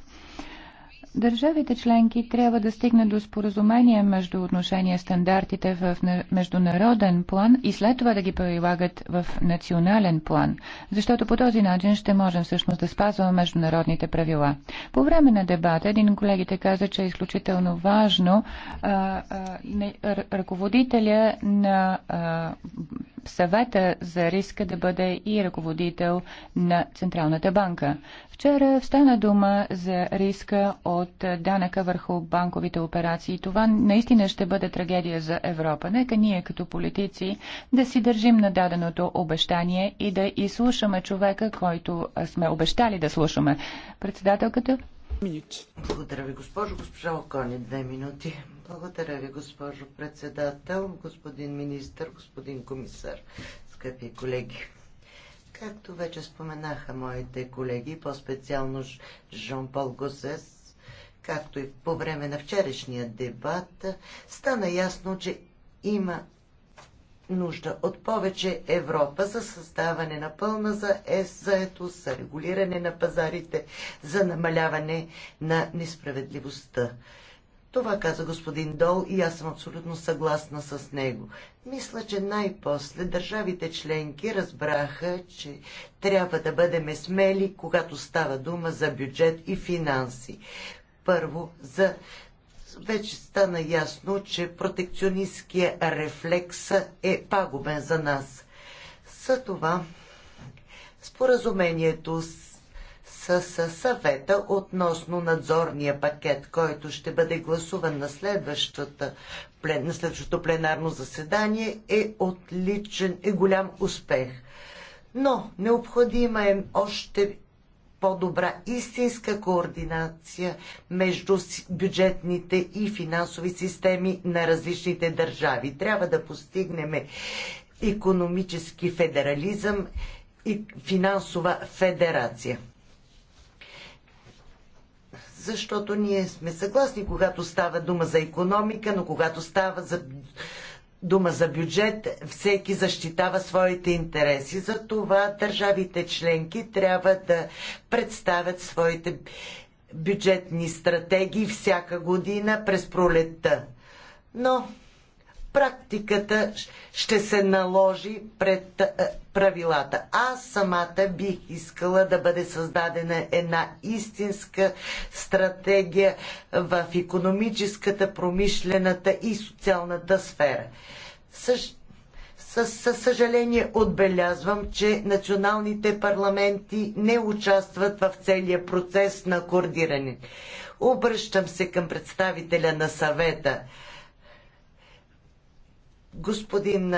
Държавите членки трябва да стигнат до споразумение между отношения стандартите в международен план и след това да ги прилагат в национален план, защото по този начин ще можем всъщност да спазваме международните правила. По време на дебата един от колегите каза, че е изключително важно а, а, не, ръководителя на а, съвета за риска да бъде и ръководител на Централната банка. Вчера стана дума за риска от данъка върху банковите операции. Това наистина ще бъде трагедия за Европа. Нека ние като политици да си държим на даденото обещание и да изслушаме човека, който сме обещали да слушаме. Председателката. Благодаря ви, госпожо. Госпожа Окони, две минути. Благодаря ви, госпожо председател, господин министр, господин комисар, скъпи колеги. Както вече споменаха моите колеги, по-специално Жан-Пол Госес, както и по време на вчерашния дебат, стана ясно, че има нужда от повече Европа за създаване на пълна за ЕСЗАЕТО, за регулиране на пазарите, за намаляване на несправедливостта. Това каза господин Дол и аз съм абсолютно съгласна с него. Мисля, че най-после държавите членки разбраха, че трябва да бъдем смели, когато става дума за бюджет и финанси. Първо, за вече стана ясно, че протекционистския рефлекс е пагубен за нас. За това споразумението с със съвета относно надзорния пакет, който ще бъде гласуван на, на следващото пленарно заседание, е отличен и е голям успех. Но необходима е още по-добра истинска координация между бюджетните и финансови системи на различните държави. Трябва да постигнем економически федерализъм и финансова федерация защото ние сме съгласни, когато става дума за економика, но когато става за дума за бюджет, всеки защитава своите интереси. За това държавите членки трябва да представят своите бюджетни стратегии всяка година през пролетта. Но практиката ще се наложи пред е, правилата. Аз самата бих искала да бъде създадена една истинска стратегия в економическата, промишлената и социалната сфера. със съжаление отбелязвам, че националните парламенти не участват в целия процес на координиране. Обръщам се към представителя на съвета господин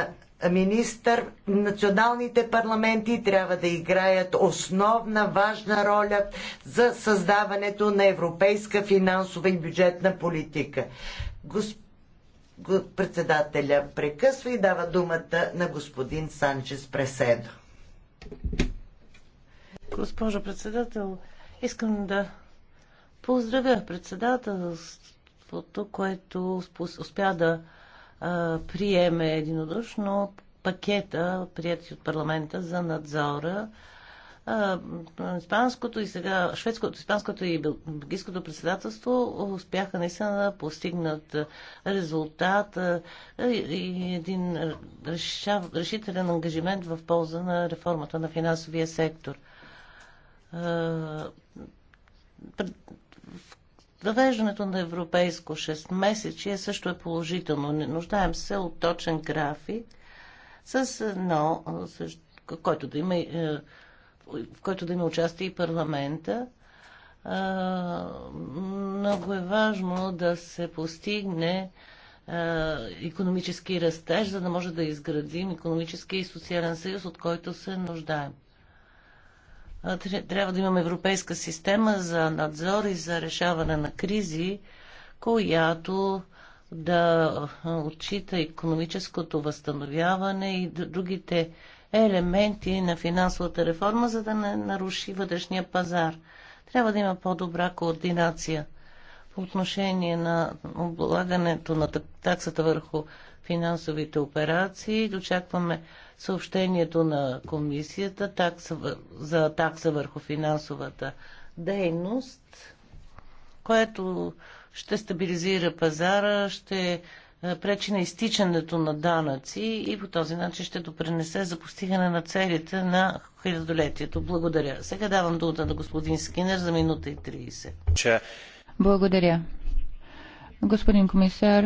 министър, националните парламенти трябва да играят основна важна роля за създаването на европейска финансова и бюджетна политика. Госп... Председателя прекъсва и дава думата на господин Санчес Преседо. Госпожо председател, искам да поздравя председателството, което успя да приеме единодушно пакета, прияти от парламента за надзора. Испанското и сега шведското, испанското и бългийското председателство успяха наистина да постигнат резултат и един решителен ангажимент в полза на реформата на финансовия сектор в Въвеждането на европейско 6 е също е положително. Не нуждаем се от точен график, с едно, който да има, е, в който да има участие и парламента. Много е важно да се постигне економически растеж, за да може да изградим економически и социален съюз, от който се нуждаем. Трябва да имаме европейска система за надзор и за решаване на кризи, която да отчита економическото възстановяване и другите елементи на финансовата реформа, за да не наруши вътрешния пазар. Трябва да има по-добра координация по отношение на облагането на таксата върху финансовите операции. Очакваме съобщението на комисията такса, за такса върху финансовата дейност, което ще стабилизира пазара, ще е, пречи на изтичането на данъци и по този начин ще допренесе за постигане на целите на хилядолетието. Благодаря. Сега давам думата на господин Скинер за минута и 30. Благодаря. Господин комисар,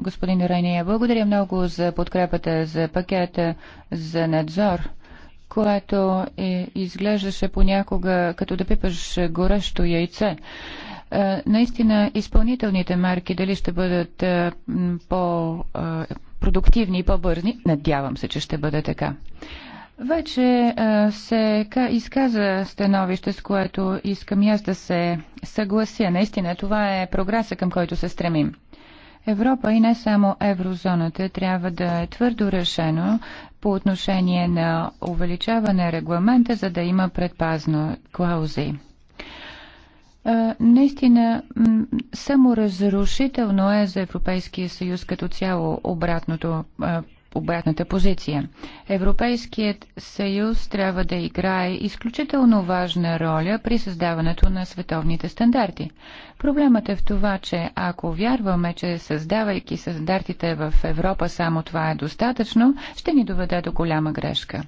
господин Рения. Благодаря много за подкрепата за пакета за надзор, което е, изглеждаше понякога като да пипаш горещо яйце е, наистина изпълнителните мерки дали ще бъдат е, по-продуктивни е, и по-бързни, надявам се, че ще бъде така. Вече се изказа становище, с което искам и аз да се съглася. Наистина, това е прогреса, към който се стремим. Европа и не само еврозоната трябва да е твърдо решено по отношение на увеличаване регламента, за да има предпазно клаузи. Наистина, саморазрушително е за Европейския съюз като цяло обратното обратната позиция. Европейският съюз трябва да играе изключително важна роля при създаването на световните стандарти. Проблемът е в това, че ако вярваме, че създавайки стандартите в Европа само това е достатъчно, ще ни доведе до голяма грешка.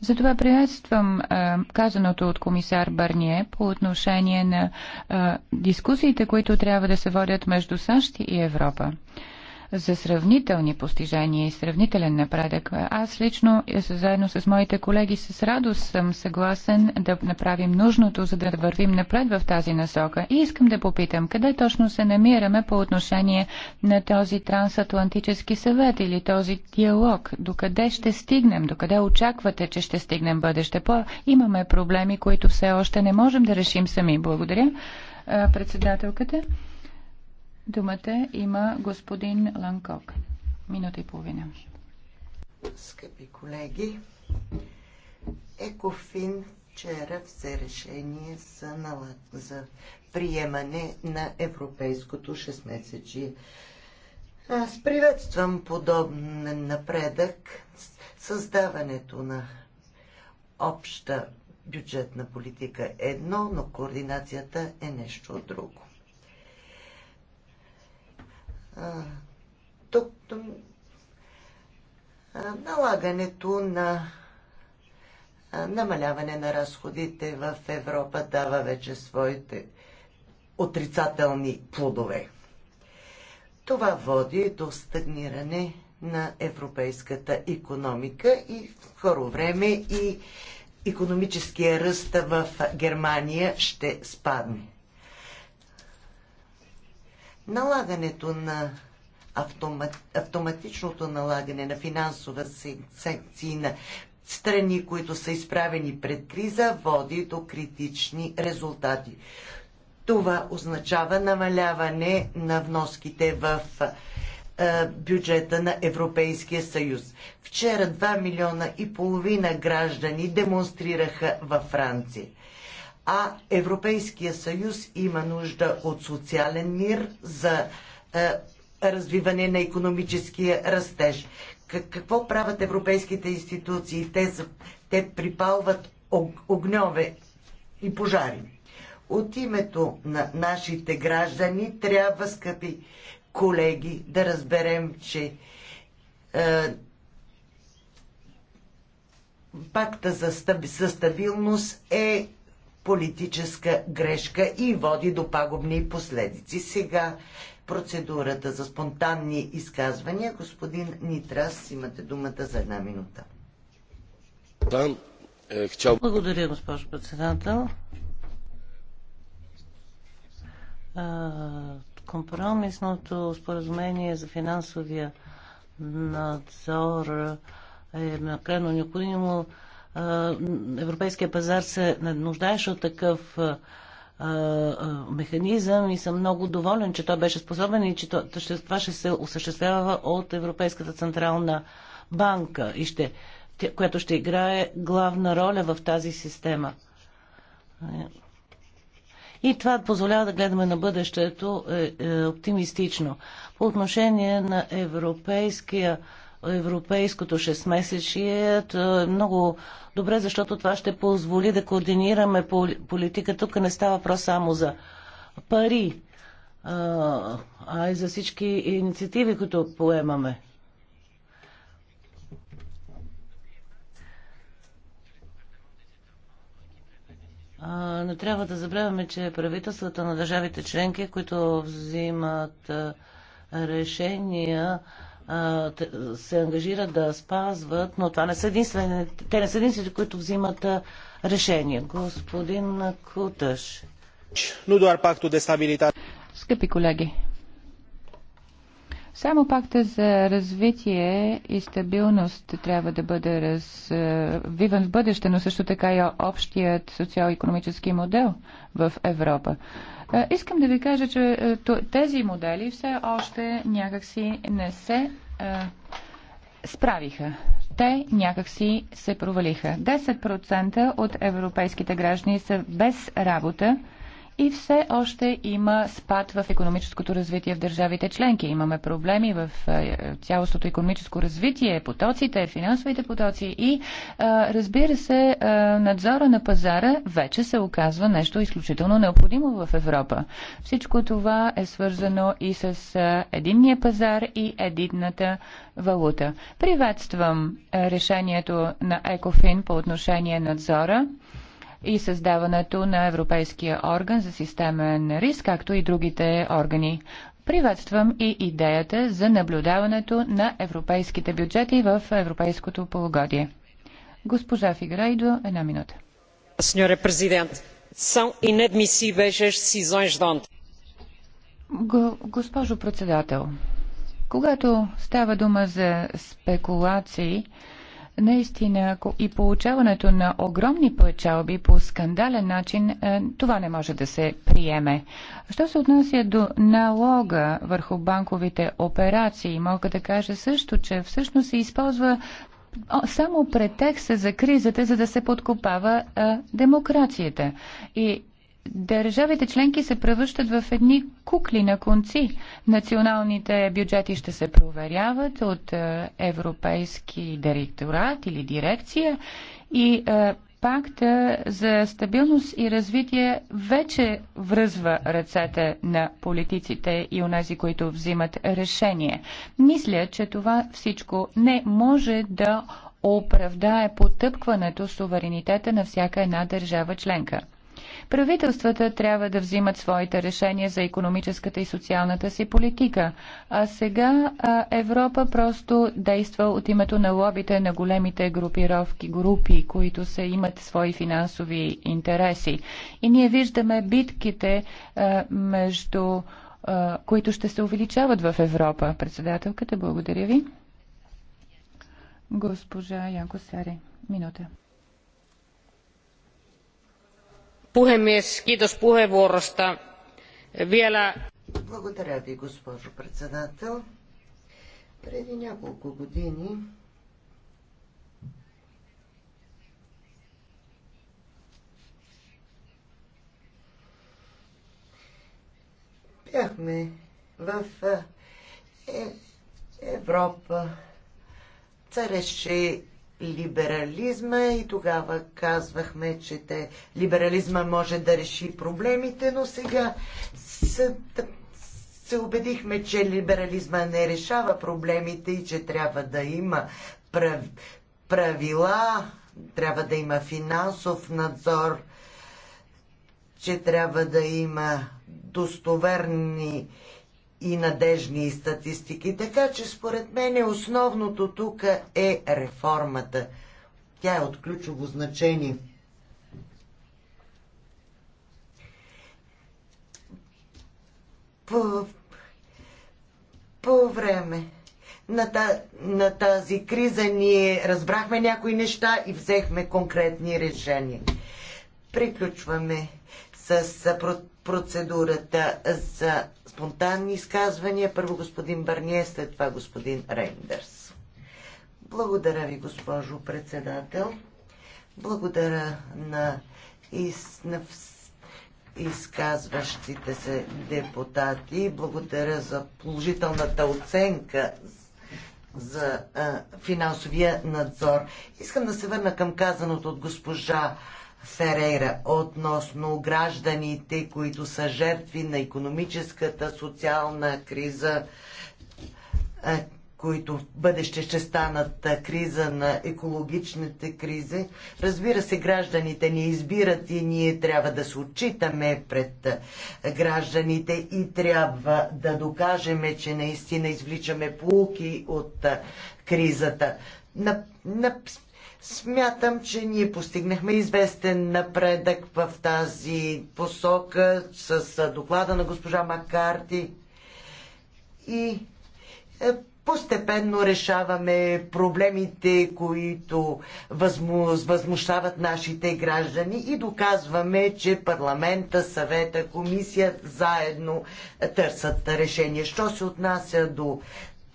Затова приветствам е, казаното от комисар Барние по отношение на е, дискусиите, които трябва да се водят между САЩ и Европа за сравнителни постижения и сравнителен напредък. Аз лично, заедно с моите колеги, с радост съм съгласен да направим нужното, за да вървим напред в тази насока. И искам да попитам, къде точно се намираме по отношение на този трансатлантически съвет или този диалог? Докъде ще стигнем? Докъде очаквате, че ще стигнем бъдеще? По имаме проблеми, които все още не можем да решим сами. Благодаря. Председателката. Думата има господин Ланкок. Минута и половина. Скъпи колеги, Екофин вчера взе решение за, налад, за приемане на европейското 6-месечие. Аз приветствам подобен напредък създаването на обща бюджетна политика едно, но координацията е нещо друго тук налагането на намаляване на разходите в Европа дава вече своите отрицателни плодове. Това води до стагниране на европейската економика и в скоро време и економическия ръст в Германия ще спадне. Налагането на автоматичното налагане на финансова секция на страни, които са изправени пред криза, води до критични резултати. Това означава намаляване на вноските в е, бюджета на Европейския съюз. Вчера 2 милиона и половина граждани демонстрираха във Франция а Европейския съюз има нужда от социален мир за е, развиване на економическия растеж. Какво правят европейските институции? Те, те припалват огньове и пожари. От името на нашите граждани трябва, скъпи колеги, да разберем, че е, пакта за, стаб, за стабилност е политическа грешка и води до пагубни последици. Сега процедурата за спонтанни изказвания. Господин Нитрас, имате думата за една минута. Е, Благодаря, госпожо председател. Компромисното споразумение за финансовия надзор е накрено необходимо Европейския пазар се нуждаеше от такъв механизъм и съм много доволен, че той беше способен и че това ще се осъществява от Европейската централна банка, и ще, която ще играе главна роля в тази система. И това позволява да гледаме на бъдещето е, е, оптимистично. По отношение на Европейския европейското 6-месечие е много добре, защото това ще позволи да координираме политика. Тук не става въпрос само за пари, а и за всички инициативи, които поемаме. не трябва да забравяме, че правителствата на държавите членки, които взимат решения, се ангажират да спазват, но това не са единствените, те не са единствените, които взимат решения. Господин Куташ. Скъпи колеги, само пакта за развитие и стабилност трябва да бъде развиван в бъдеще, но също така и общият социал-економически модел в Европа. Е, искам да ви кажа, че е, тези модели все още някакси не се е, справиха. Те някакси се провалиха. 10% от европейските граждани са без работа и все още има спад в економическото развитие в държавите членки. Имаме проблеми в е, цялостното економическо развитие, потоците, финансовите потоци и е, разбира се, е, надзора на пазара вече се оказва нещо изключително необходимо в Европа. Всичко това е свързано и с единния пазар и единната валута. Приветствам решението на Екофин по отношение надзора и създаването на Европейския орган за системен риск, както и другите органи. Приветствам и идеята за наблюдаването на европейските бюджети в европейското полугодие. Госпожа Фиграйдо, една минута. Сеньоре президент, Госпожо председател, когато става дума за спекулации, наистина и получаването на огромни печалби по скандален начин, е, това не може да се приеме. Що се отнася до налога върху банковите операции, мога да кажа също, че всъщност се използва само претекста за кризата, за да се подкопава демокрацията. И държавите членки се превръщат в едни кукли на конци. Националните бюджети ще се проверяват от е, европейски директорат или дирекция и е, пакта за стабилност и развитие вече връзва ръцете на политиците и онези, които взимат решение. Мисля, че това всичко не може да оправдае потъпкването суверенитета на всяка една държава членка. Правителствата трябва да взимат своите решения за економическата и социалната си политика, а сега а, Европа просто действа от името на лобите на големите групировки, групи, които се имат свои финансови интереси. И ние виждаме битките а, между а, които ще се увеличават в Европа. Председателката, благодаря ви. Госпожа Янко Сари, минута. puhemies kiitos puheenvuorosta. vielä благодаря ви, госпожо председател. Преди няколко години бяхме в е, Европа. Цареше либерализма и тогава казвахме, че те, либерализма може да реши проблемите, но сега се, се убедихме, че либерализма не решава проблемите и че трябва да има прав, правила, трябва да има финансов надзор, че трябва да има достоверни и надежни статистики. Така че според мен основното тук е реформата. Тя е от ключово значение. По, по време на, та, на тази криза ние разбрахме някои неща и взехме конкретни решения. Приключваме с процедурата за спонтанни изказвания. Първо господин Барние, след това господин Рейндърс. Благодаря ви, госпожо председател. Благодаря на, из, на изказващите се депутати. Благодаря за положителната оценка за а, финансовия надзор. Искам да се върна към казаното от госпожа Ферейра относно гражданите, които са жертви на економическата, социална криза, които в бъдеще ще станат криза на екологичните кризи. Разбира се, гражданите ни избират и ние трябва да се отчитаме пред гражданите и трябва да докажеме, че наистина извличаме полуки от кризата. На, на Смятам, че ние постигнахме известен напредък в тази посока с доклада на госпожа Макарти и е, постепенно решаваме проблемите, които възмущават нашите граждани и доказваме, че парламента, съвета, комисия заедно е, търсят решение. Що се отнася до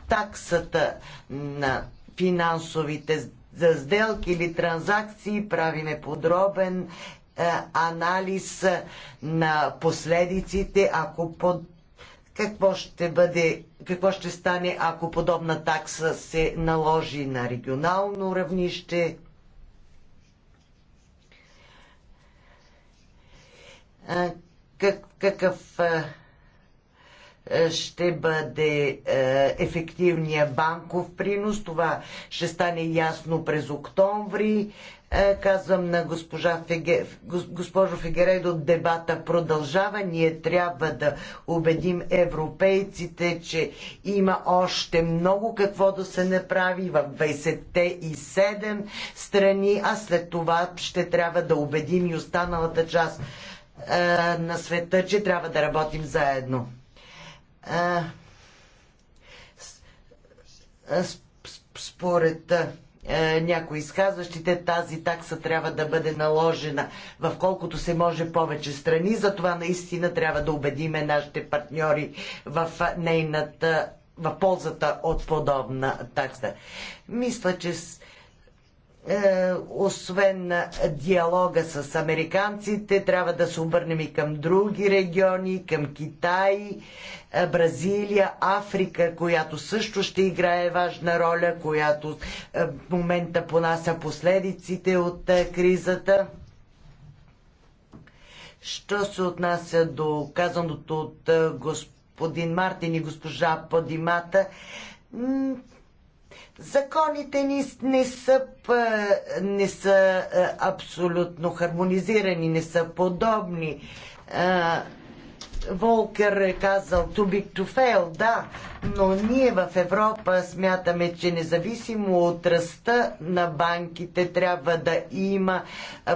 таксата на финансовите за сделки или транзакции, правиме подробен е, анализ е, на последиците, ако под какво ще бъде, какво ще стане, ако подобна такса се наложи на регионално равнище. Е, как, какъв е, ще бъде е, ефективния банков принос. Това ще стане ясно през октомври. Е, казвам на госпожа Феге, госпожо Фегерейдо, дебата продължава. Ние трябва да убедим европейците, че има още много какво да се направи в 27 страни, а след това ще трябва да убедим и останалата част на света, че трябва да работим заедно а, според някои изказващите, тази такса трябва да бъде наложена в колкото се може повече страни. Затова наистина трябва да убедиме нашите партньори в нейната в ползата от подобна такса. Мисля, че с. Е, освен на диалога с американците, трябва да се обърнем и към други региони, към Китай, е, Бразилия, Африка, която също ще играе важна роля, която е, в момента понася последиците от кризата. Що се отнася до казаното от господин Мартин и госпожа Подимата, Законите ни не са, не са абсолютно хармонизирани, не са подобни. Волкер е казал to big to fail, да, но ние в Европа смятаме, че независимо от ръста на банките трябва да има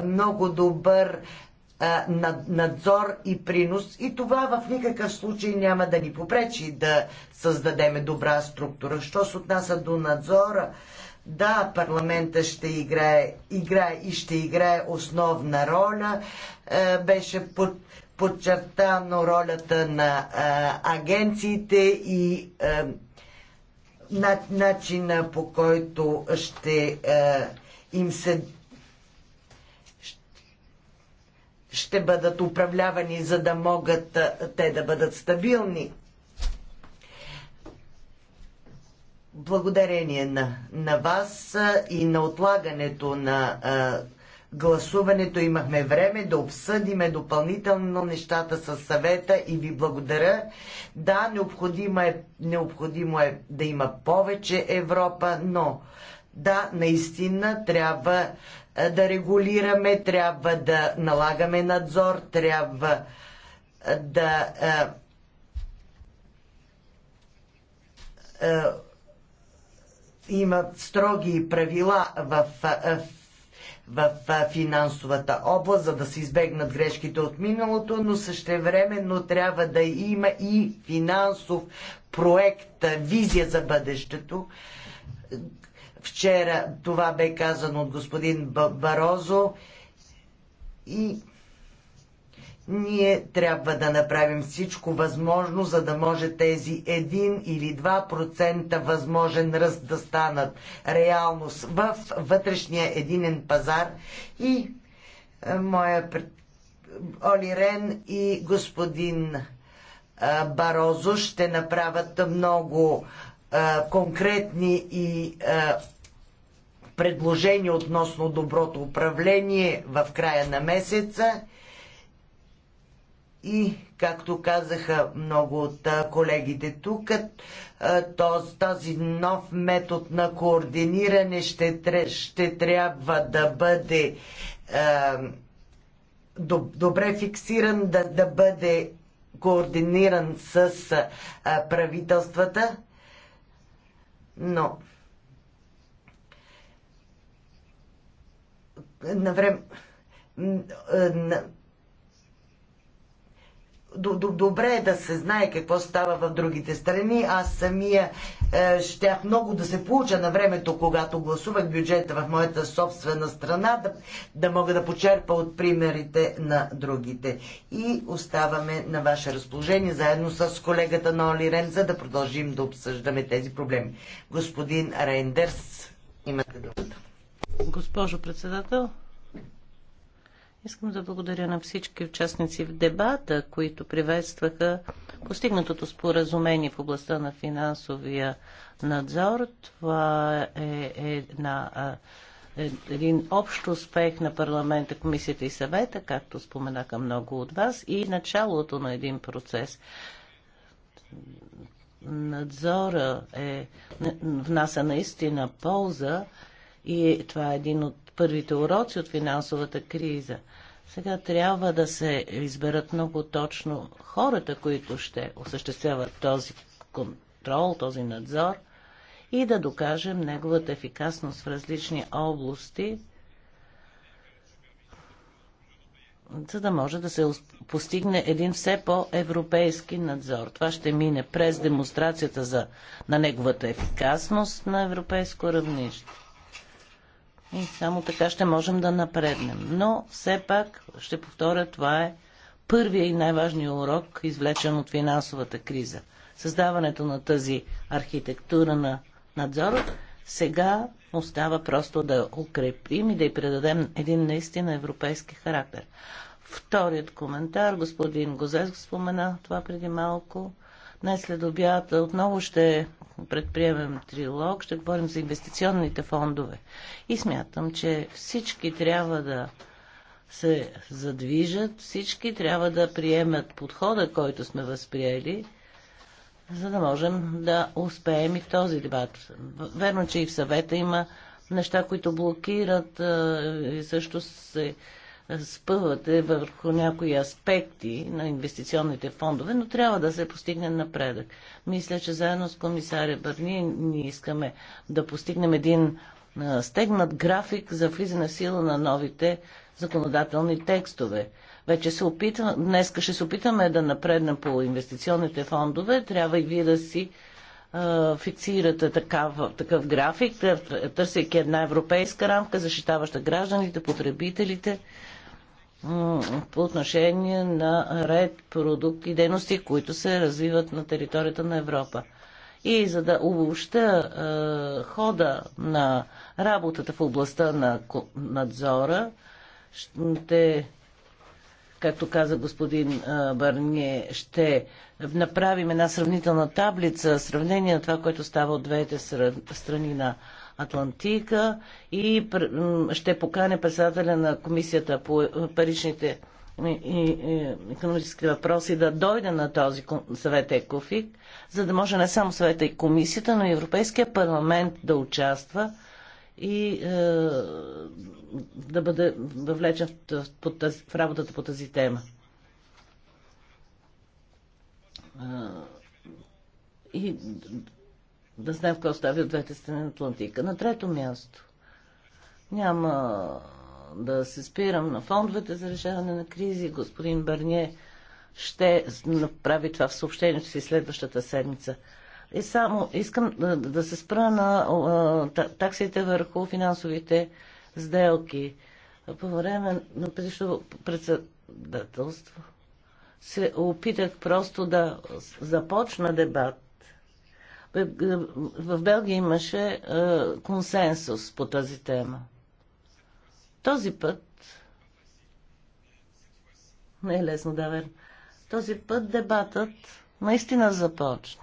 много добър надзор и принос и това в никакъв случай няма да ни попречи да създадеме добра структура. Що се отнася до надзора, да, парламента ще играе, играе и ще играе основна роля. Е, беше под, подчертано ролята на агенциите и начина по който ще им се ще бъдат управлявани, за да могат те да бъдат стабилни. Благодарение на, на вас и на отлагането на а, гласуването имахме време да обсъдиме допълнително нещата с съвета и ви благодаря. Да, необходимо е, необходимо е да има повече Европа, но да, наистина трябва е, да регулираме, трябва да налагаме надзор, трябва е, да е, има строги правила в, в, в, в финансовата област, за да се избегнат грешките от миналото, но същевременно трябва да има и финансов проект, визия за бъдещето, Вчера това бе казано от господин Барозо и ние трябва да направим всичко възможно, за да може тези 1 или 2% възможен ръст да станат реалност в вътрешния единен пазар и е, моя Оли Рен и господин е, Барозо ще направят много е, конкретни и предложение относно доброто управление в края на месеца. И, както казаха много от колегите тук, този нов метод на координиране ще, ще трябва да бъде добре фиксиран, да, да бъде координиран с правителствата, но на време е, добре е да се знае какво става в другите страни. Аз самия е, щях много да се получа на времето, когато гласувах бюджета в моята собствена страна, да, да мога да почерпа от примерите на другите. И оставаме на ваше разположение, заедно с колегата на Оли Рен, за да продължим да обсъждаме тези проблеми. Господин Рейндерс, имате думата. Госпожо председател, искам да благодаря на всички участници в дебата, които приветстваха постигнатото споразумение в областта на финансовия надзор. Това е една е, един общ успех на парламента, комисията и съвета, както споменаха много от вас, и началото на един процес. Надзора е внася наистина полза и това е един от първите уроци от финансовата криза. Сега трябва да се изберат много точно хората, които ще осъществяват този контрол, този надзор и да докажем неговата ефикасност в различни области, за да може да се постигне един все по-европейски надзор. Това ще мине през демонстрацията за, на неговата ефикасност на европейско равнище. И само така ще можем да напреднем. Но все пак, ще повторя, това е първия и най-важният урок, извлечен от финансовата криза. Създаването на тази архитектура на надзора сега остава просто да укрепим и да й предадем един наистина европейски характер. Вторият коментар, господин Гозес спомена това преди малко, Днес след обяд отново ще предприемем трилог, ще говорим за инвестиционните фондове. И смятам, че всички трябва да се задвижат, всички трябва да приемат подхода, който сме възприели, за да можем да успеем и в този дебат. Верно, че и в съвета има неща, които блокират и също се спъвате върху някои аспекти на инвестиционните фондове, но трябва да се постигне напредък. Мисля, че заедно с комисаря Бърни ние искаме да постигнем един стегнат график за влизане в сила на новите законодателни текстове. Вече се опитва, днес ще се опитаме да напреднем по инвестиционните фондове. Трябва и вие да си фиксирате такав, такъв график, търсейки една европейска рамка, защитаваща гражданите, потребителите по отношение на ред продукти и дейности, които се развиват на територията на Европа. И за да обобща е, хода на работата в областта на надзора, ще, както каза господин е, Барние, Бърние, ще направим една сравнителна таблица, сравнение на това, което става от двете страни на Атлантика и ще поканя председателя на комисията по е, паричните и е, е, економически въпроси да дойде на този съвет Екофик, за да може не само съвета и комисията, но и Европейския парламент да участва и е, да бъде въвлечен в, в, в работата по тази тема. Е, и да знаем какво остави от двете страни на Атлантика. На трето място няма да се спирам на фондовете за решаване на кризи. Господин Барние ще направи това в съобщението си следващата седмица. И само искам да, се спра на таксите върху финансовите сделки. По време на предишното председателство се опитах просто да започна дебат в Белгия имаше е, консенсус по тази тема. Този път не е лесно, да, верно. Този път дебатът наистина започна.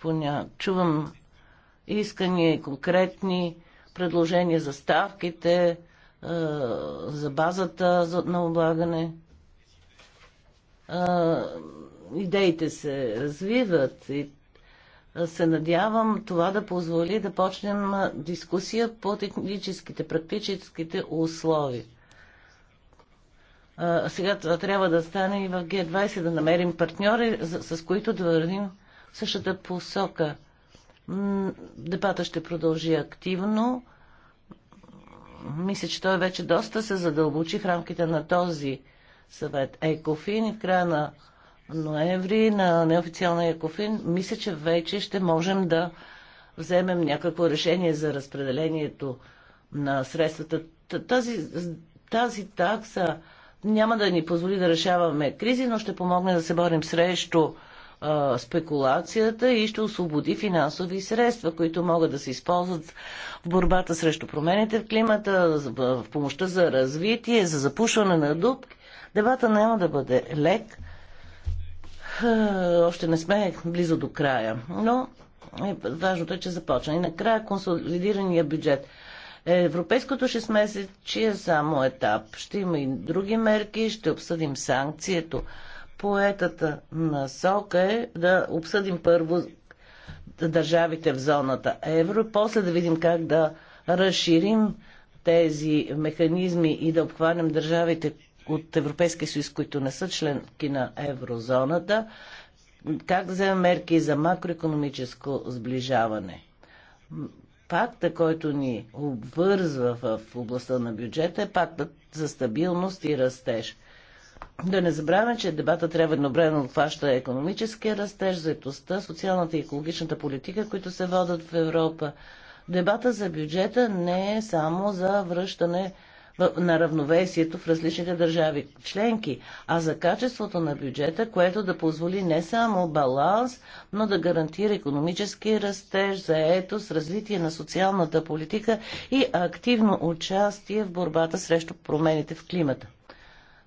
Поня... Чувам искания и конкретни предложения за ставките, е, за базата на облагане. Е, идеите се развиват и се надявам това да позволи да почнем дискусия по техническите, практическите условия. А, сега това трябва да стане и в Г20, да намерим партньори, с които да вървим в същата посока. Дебата ще продължи активно. Мисля, че той вече доста се задълбочи в рамките на този съвет Екофин и в края на ноември на неофициалния кофин, мисля, че вече ще можем да вземем някакво решение за разпределението на средствата. Тази, тази такса няма да ни позволи да решаваме кризи, но ще помогне да се борим срещу а, спекулацията и ще освободи финансови средства, които могат да се използват в борбата срещу промените в климата, в помощта за развитие, за запушване на дубки. Дебата няма да бъде лек още не сме близо до края, но е важното е, че започна. И накрая консолидирания бюджет. Европейското 6 месец е само етап. Ще има и други мерки, ще обсъдим санкцието. Поетата насока е да обсъдим първо държавите в зоната евро, после да видим как да разширим тези механизми и да обхванем държавите, от Европейския съюз, които не са членки на еврозоната, как взема мерки за макроекономическо сближаване? Пакта, който ни обвързва в областта на бюджета е пактът за стабилност и растеж. Да не забравяме, че дебата трябва едновременно обхваща економическия растеж, заетостта, социалната и екологичната политика, които се водят в Европа. Дебата за бюджета не е само за връщане на равновесието в различните държави членки, а за качеството на бюджета, което да позволи не само баланс, но да гарантира економически растеж, заетост, развитие на социалната политика и активно участие в борбата срещу промените в климата.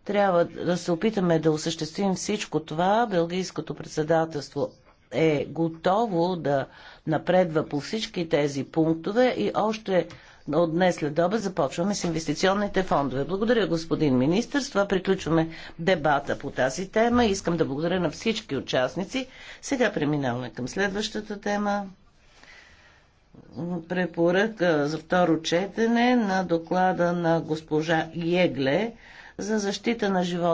Трябва да се опитаме да осъществим всичко това. Белгийското председателство е готово да напредва по всички тези пунктове и още от днес след обед започваме с инвестиционните фондове. Благодаря, господин министр. С това приключваме дебата по тази тема. Искам да благодаря на всички участници. Сега преминаваме към следващата тема. Препоръка за второ четене на доклада на госпожа Егле за защита на живота.